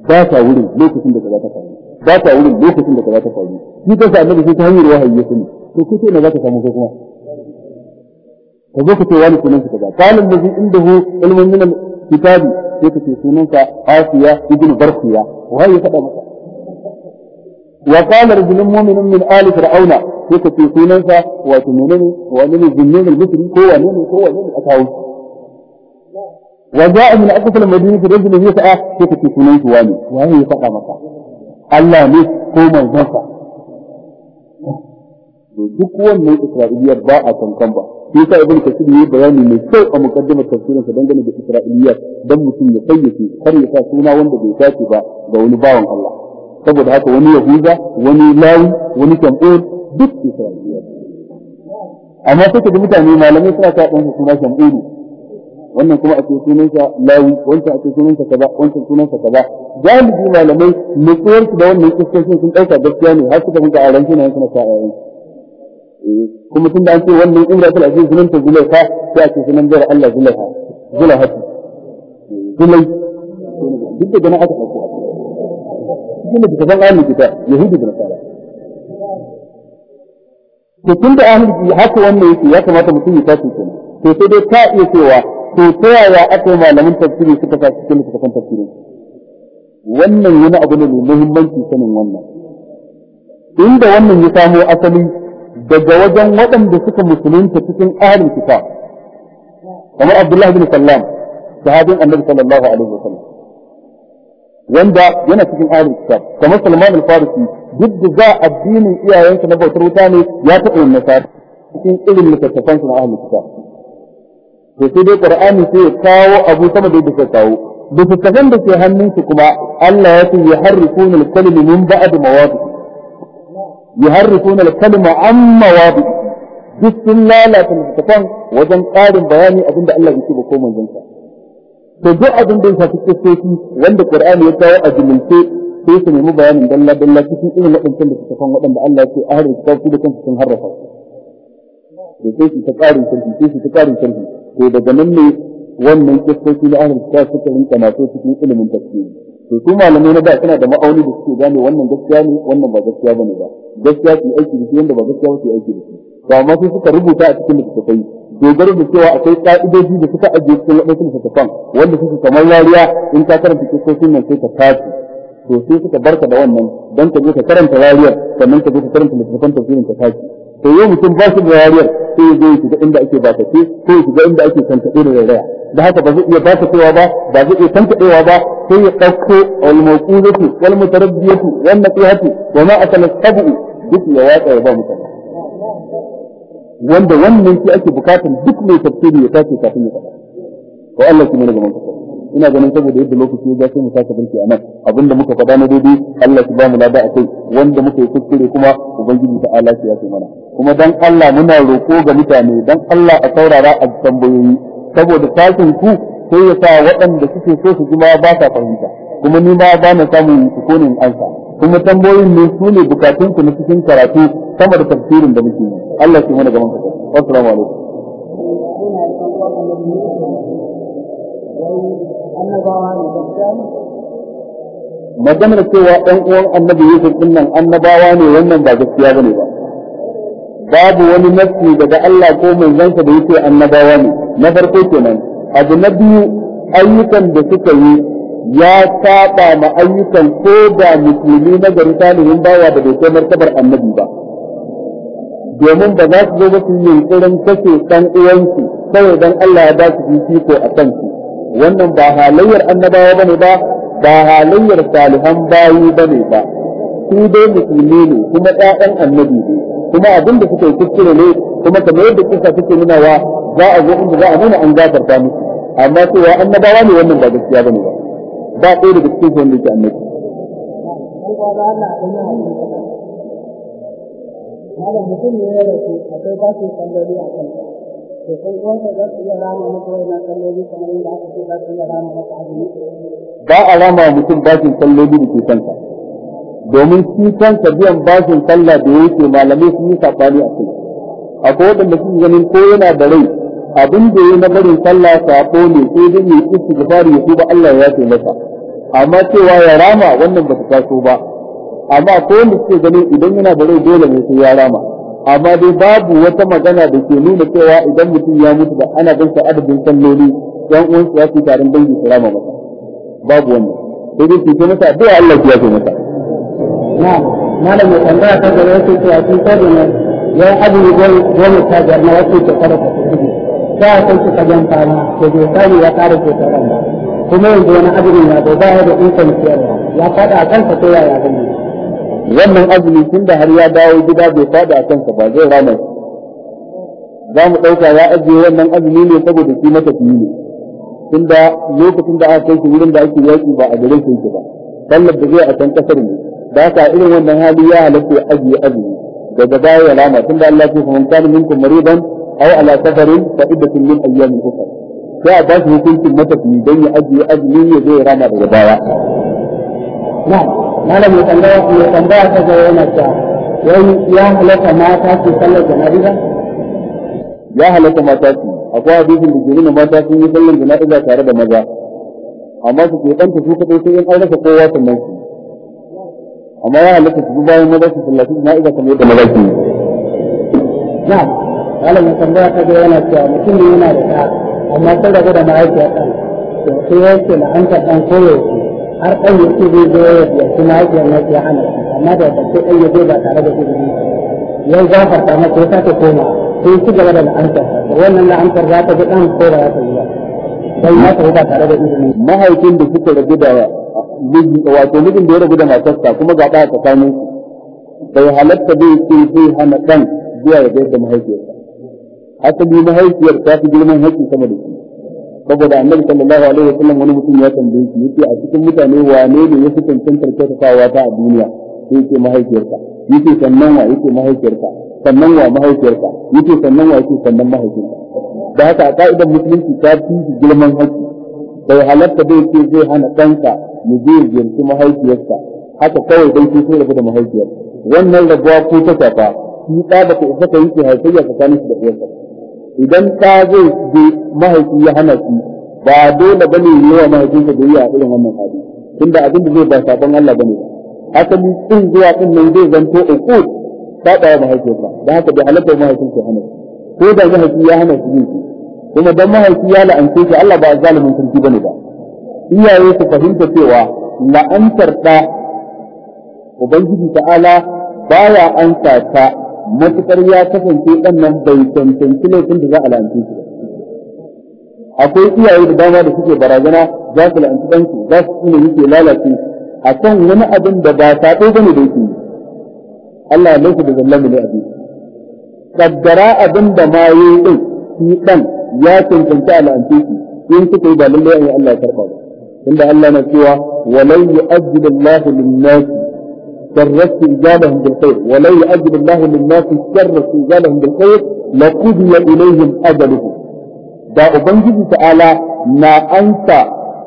ba sa wurin lokacin da kaza ta faru ba sa wurin lokacin da kaza ta faru shi kansa annabi sai ta hanyar wahayi ya sani to kace za ka samu kuma ka zo ka ce wani sunan sai ka ce sunansa Asiya ibn Barkiya wai ya faɗa maka? wa qala rajulun mu'minun min ali fir'auna sai ka ce sunansa wato menene wani ne zunnun al-misri ko wani ne ko wani ne aka wuce wa ja'a min aqsa al-madinati rajulun yas'a sai ka ce wani wai ya faɗa maka? Allah ne ko manzon sa duk wannan Isra'iliyar ba a tankan ba shi yasa ibn kasir yayi bayani mai kyau a muqaddimar tafsirin sa dangane da isra'iliyya dan mutum ya fayyace har ya sa suna wanda bai dace ba ga wani bawan Allah saboda haka wani yahuda wani lawi wani kamur duk isra'iliyya amma sai da mutane malamai suna sa dan suna kamur wannan kuma a sunan sa lawi wancan a sunan sa kaza wancan sunan sa kaza galibi malamai nutsuwar da wannan kiskocin sun dauka gaskiya ne har suka muka a ran suna suna sa a kuma tun da an ce wannan inda ta lafi sunan ta ta ya ce sunan jira Allah zulaiha zulaiha zulai duk da gana aka ɗauko a cikin da ta san ahlul kitab yahudi da nasara to tun da ahlul haka wannan yake ya kamata mutum ya tashi kenan to sai dai ka iya cewa to ta yaya aka yi malamin tafsiri suka sa cikin littattafan tafsiri wannan wani abu ne mai muhimmanci sanin wannan inda wannan ya samo asali daga wajen waɗanda suka musulunta cikin ahlul kitab kamar Abdullahi bin Sallam sahabin Annabi sallallahu alaihi wasallam wanda yana cikin ahlul kitab kamar Salman al-Farisi duk da za addinin iyayensa na bautar wuta ne ya taɓa yin nasara cikin irin littattafan su na ahlul kitab to sai dai Qur'ani sai ya kawo abu sama da yadda kawo littattafan da ke hannunsu kuma Allah ya ce ya harrifuna al-kalimi min ba'd mawadi yuharrifuna al-kalima amma wadi duk sun lalata littafan wajen ƙarin bayani abin da Allah ya ce ba ko manzon sa to duk abin da ya shafi kisoshi wanda Qur'ani ya kawo a jumulce sai su nemi bayanin dalla dalla cikin irin waɗancan littafan waɗanda Allah ya ce a da kansu sun harrafa to sai su ta ƙarin sarki sai su ta to daga nan ne wannan kisoshi na ahlul kitab suka ilimin tafsiri to su malamai na da suna da ma'auni da suke gane wannan gaskiya ne wannan ba gaskiya bane ba gaskiya su aiki da shi wanda ba gaskiya su aiki da shi to amma sai suka rubuta a cikin littattafai dogaro da cewa akwai ka'idoji da suka ajiye cikin wadansu littattafan wanda suke kamar yariya in ka karanta kiskokin nan sai ka tashi to sai suka barka da wannan dan ka je ka karanta yariyar sannan ka je ka karanta littattafan tafsirin ka tashi to yau mutum ba shi da wariyar sai ya zo ya shiga inda ake ba tafi ko ya shiga inda ake tantaɗe da rarraya da haka ba zai iya ba tafiwa ba ba zai iya tantaɗewa ba sai ya ɗauko almaqulatu wal mutarabbiyatu wal nasihatu wa ma akala sabu duk ya watsa ya ba mutane wanda wannan shi ake bukatan duk mai tafsiri ya tace kafin ya faɗa to Allah shi ne ga manzo ina ganin saboda yadda lokaci ya gashi mu saka barki abin abinda muka faɗa na daidai Allah ya ba mu lada kai wanda muka yi kuskure kuma ubangiji ta Allah ya kai mana kuma dan Allah muna roko ga mutane dan Allah a saurara a tambayoyi saboda tashin ku sai ya sa waɗanda suke so su ji ba sa fahimta kuma ni ma ba na samun sukunin ansa kuma tambayoyin ne su ne bukatun ku na cikin karatu sama da tafsirin da muke yi Allah ya mana gaban ka assalamu alaikum maganar cewa ɗan uwan annabi Yusuf din nan annabawa ne wannan ba gaskiya ne ba babu wani nafsi daga Allah ko manzansa da yake annabawa ne na farko kenan abu na biyu ayyukan da suka yi ya saba ma ayyukan ko da musulmi na gari salihin bawa da bai kai martabar annabi ba domin ba za su zo ba su yi yunkurin kashe ɗan uwansu kawai don Allah ya ba su fifiko a kansu wannan ba halayyar annabawa bane ba ba halayyar salihan bayi bane ba su dai musulmi ne kuma ɗayan annabi ne kuma abin da suka yi kuskure ne kuma kamar yadda kisa suke nunawa za a zo inda za a nuna an gafarta musu amma cewa annabawa ne wannan ba gaskiya bane ba ba ɗaya daga cikin wanda yake annabi malam mutum ne ya rasu akwai bashi kalloli a kanta to ɗan za su iya rama maka wannan salloli kamar yadda aka ce za su iya rama maka azumi ba a mutum bakin salloli da ke kanka domin shi kanka biyan bakin sallah da yake malamai sun yi sabani a kai akwai waɗanda suke ganin ko yana da rai abin da ya na barin sallah sako ne sai dai mai istighfari ya ba Allah ya ce masa amma cewa ya rama wannan ba ta taso ba amma ko wanda suke ganin idan yana da rai dole ne sai ya rama amma dai babu wata magana da ke nuna cewa idan mutum ya mutu da ana bin sa adadin salloli yan uwan ya fi tarin dangi su rama masa babu wannan sai dai su ce masa addu'a Allah ya ce masa na malami tambaya ta gaba yake cewa sun sani ne yan azumi goma ta biyar na wasu shekara ta kuɗi ta kai shi ka jan fara da bai sani ya ƙara shekaran ba kuma yanzu wani azumi ya bai baya da ikon ciyarwa ya faɗa a kansa ko yaya gani wannan azumi tun da har ya dawo gida bai fada a kansa ba zai rana shi za mu ɗauka ya ajiye wannan azumi ne saboda shi matafiyi ne tun da lokacin da aka kai shi wurin da ake yaƙi ba a garin shi ba sallar da zai a can kasar ne da haka irin wannan hali ya halatta ya ajiye azumi daga baya ya rama tun da Allah ya ce fa man kana minkum maridan aw ala safarin fa iddatun min ayyamin ukhra sai a ba shi hukuncin matafiyi dan ya ajiye azumi ya zai rama daga baya na'am malam ya tambaya ya tambaya ta ga yana ta wai ya halatta mata su sallar jana'iza ya halatta mata su akwai hadisin da ke nuna mata sun yi sallar jana'iza tare da maza amma su ke kanta su kadai sai in aure ka kowa sannan su amma ya halatta su bayan maza su sallaci jana'iza kamar yadda maza ke yi na'am malam ya tambaya ta ga yana ta mutum ne yana da ta amma sai da da ma'aikata to sai yake la'anta dan koyaushe har ɗan ya ce zai zo ya biya kuma haƙiyar na ya hana amma da sai ɗan ya zo ba tare da izini yau gafarta masa ya sake koma sai ci gaba da la'antar wannan la'antar za ta ga ɗan ko ba za ta yi ba sai ya tafi ba tare da izini mahaifin da suka rabu da wato mijin da ya rabu da matarsa kuma ga ɗaya tsakanin bai halatta bai ce zai hana ɗan biya ya da mahaifiyarsa asali mahaifiyar ta fi girman haƙƙi sama da shi saboda annabi sallallahu alaihi wa sallam wani mutum ya tambaye shi yace a cikin mutane wane ne ya fi cancantar kyautatawa ta a duniya sai yace mahaifiyarka yace sannan wa yace mahaifiyarka sannan wa mahaifiyarka yace sannan wa yace sannan mahaifiyarka da haka a ka'idar musulunci ta fi girman haƙƙi bai halatta bai ce zai hana ɗansa ya je ya ziyarci mahaifiyarsa haka kawai dai sai rabu da mahaifiyar wannan rabuwa ko ta shafa shi ɗa ba ta isa ka yi ke haifayya tsakanin shi da uwarsa idan ta zai je mahaifi ya hana shi ba dole ba ne wa mahaifinsa da a irin wannan hali da abin da zai ba sabon Allah ba. ne asali tun zuwa din nan zai zanto uku ta da mahaifinsa da haka da halatta mahaifinsa hana ko da mahaifi ya hana shi kuma dan mahaifi ya la'ance shi Allah ba zalimin sarki bane ba iyaye su fahimta cewa la'antar da ubangiji ta'ala baya ansa ta matukar ya kasance dan nan bai tantance tun da za a la'anci shi akwai iyaye da dama da suke barazana za su la'anci ɗansu za su ne yake lalace a kan wani abin da ba saɓo ba ne da yake Allah ya laifi da zallan ne abin kaddara abin da ma yi ɗin shi ɗan ya tantance a la'anci shi in suka yi ba lallai an yi Allah ya karɓa ba tunda Allah na cewa walau yu'ajjilu Allahu lin-nasi شرت رجالهم بالخير ولو يؤجل الله للناس شر رجالهم بالخير لقضي إليهم أجلهم دا أبنجي تعالى ما أنت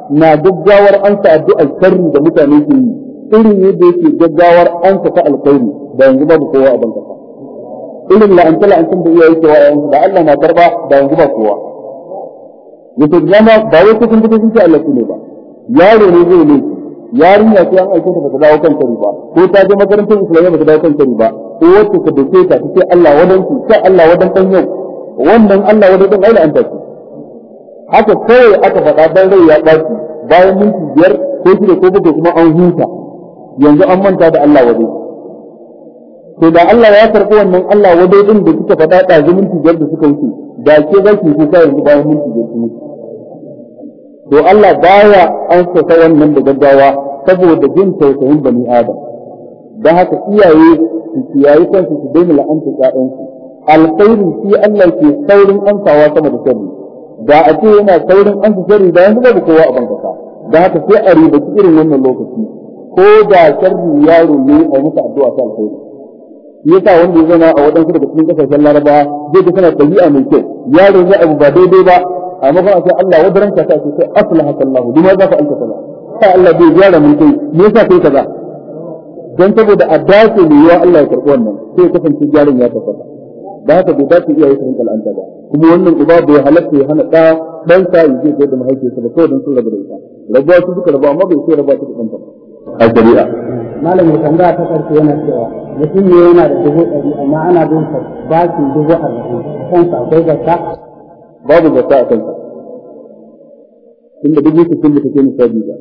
ما ججاور أنت أبدو الشر دا متانيكي إلي يديكي ججاور أنت فالخير دا ينجبا بقوة أبنك إلي لا أنت لا أنت بإيه سواء دا ألا ما تربى دا ينجبا قوة يتجمع باوتك انت بإيه الله سنبا يا رجل yarinya ce an aike ta ta dawo kan kari ba ko ta je makarantar islamiyya ba ta dawo kan kari ba ko wacce ka dace ta ta ce Allah wadan ki sai Allah wadan dan yau wannan Allah wadan dan aila an ta ce haka kawai aka faɗa dan rai ya baki bayan minti biyar ko shida ko bakwai kuma an huta yanzu an manta da Allah wadan to da Allah ya karɓi wannan Allah wadan din da kika faɗa ɗazu minti biyar da suka yi da ke za ki kuka yanzu bayan minti biyar ki mutu to Allah baya an ta wannan da gaggawa saboda jin tausayin bani adam don haka iyaye su kiyaye kansu su daina la'anta ƴaƴansu alkhairi shi Allah ke saurin amsawa sama da sharri da a ce yana saurin amsa sharri da yanzu babu kowa a bankasa don haka sai a ribaci irin wannan lokaci ko da sharri yaro ne a masa addu'a ta alkhairi yasa wanda ya zama a waɗansu daga cikin ƙasashen laraba zai ga tana ɗabi'a mai kyau yaro zai abu ba daidai ba amma kuma sai Allah wa ka ta sai aslahaka Allah bima za ka alka kaza sai Allah bai gyara mun kai me yasa kai kaza dan saboda a dace ne ya Allah ya karbi wannan sai kasance gyaran ya tabbata da haka bai dace iyaye su rinka la'anta ba kuma wannan uba bai halatta ya hana ɗa dan sa yaje ga da mahaifiyarsa ba kawai dan sun rabu da ita rabuwa su suka rabu amma bai sai rabuwa su da ɗanta ba a shari'a malam ya tambaya ta farko yana cewa mutum ne yana da dubu ɗari amma ana bin sa bakin dubu arba'in kansa akwai zakka babu zata a kansa tunda duk yake sun mutu sai misali ba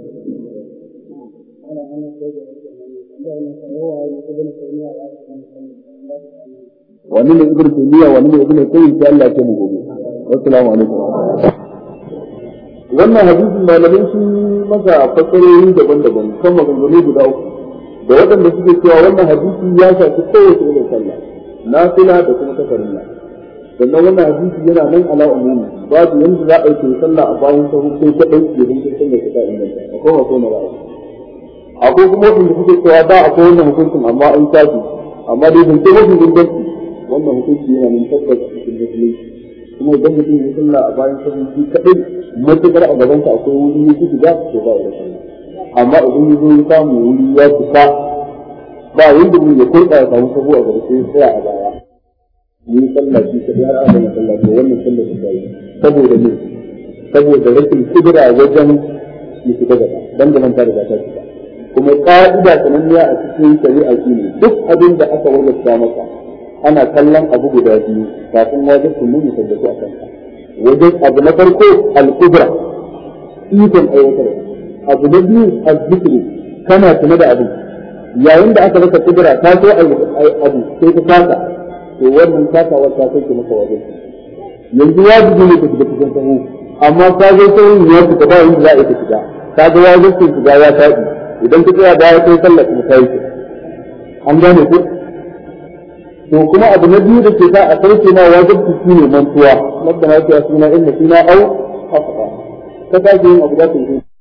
wani ne ibn taymiya wani ne ibn qayyim sai Allah ya ce mu gobe assalamu alaikum wannan hadisin malamai sun maka fasarori daban-daban kan maganganu guda uku da waɗanda suke cewa wannan hadisi ya shafi kowace irin sallah na fila da kuma kafarin sannan wannan hadisi yana nan ala umumi babu yanda za a yi sallah a bayan sahu ko kadai ya dinga sanya kita a akwai wato na ra'ayi akwai kuma da suke cewa da akwai wannan hukuncin amma an tafi amma dai ban tabbata mun su wannan hukunci yana nan tabbata cikin musulunci kuma idan mutum ya sallah a bayan sahu shi kadai matukar a gaban ka akwai wani ya kuka da ko ba da sallah amma idan ya zo ya samu wani ya kuka ba yanda mun ya kurɗa ya samu sahu a gaba sai ya tsaya a baya yi sallah shi kaɗai har aka sallah to wannan sallah ta yi saboda ne saboda rashin kudura wajen ya fita gaba dan da manta da ta fita kuma ka'ida sananniya a cikin shari'a shi ne duk abin da aka wajabta maka ana kallon abu guda biyu kafin wajibin mu tabbata a kanka wajen abu na farko al-kubra ikon aiwatar abu na biyu al-zikri kana tuna da abu. yayin da aka maka kudura ta so abu sai ka kasa to wannan taka wata sai ki maka wajen yanzu ji ne ka shiga cikin sahu amma ka zo ne ya fita ba inda za a ka shiga ka ga ya wajibin shiga ya faɗi idan ka tsaya baya sai sallar ka ki an gane ku to kuma abu na biyu da ke sa a sauke na wajibci shi ne mantuwa madda na suna inna suna au haka ka sake ji abu da ke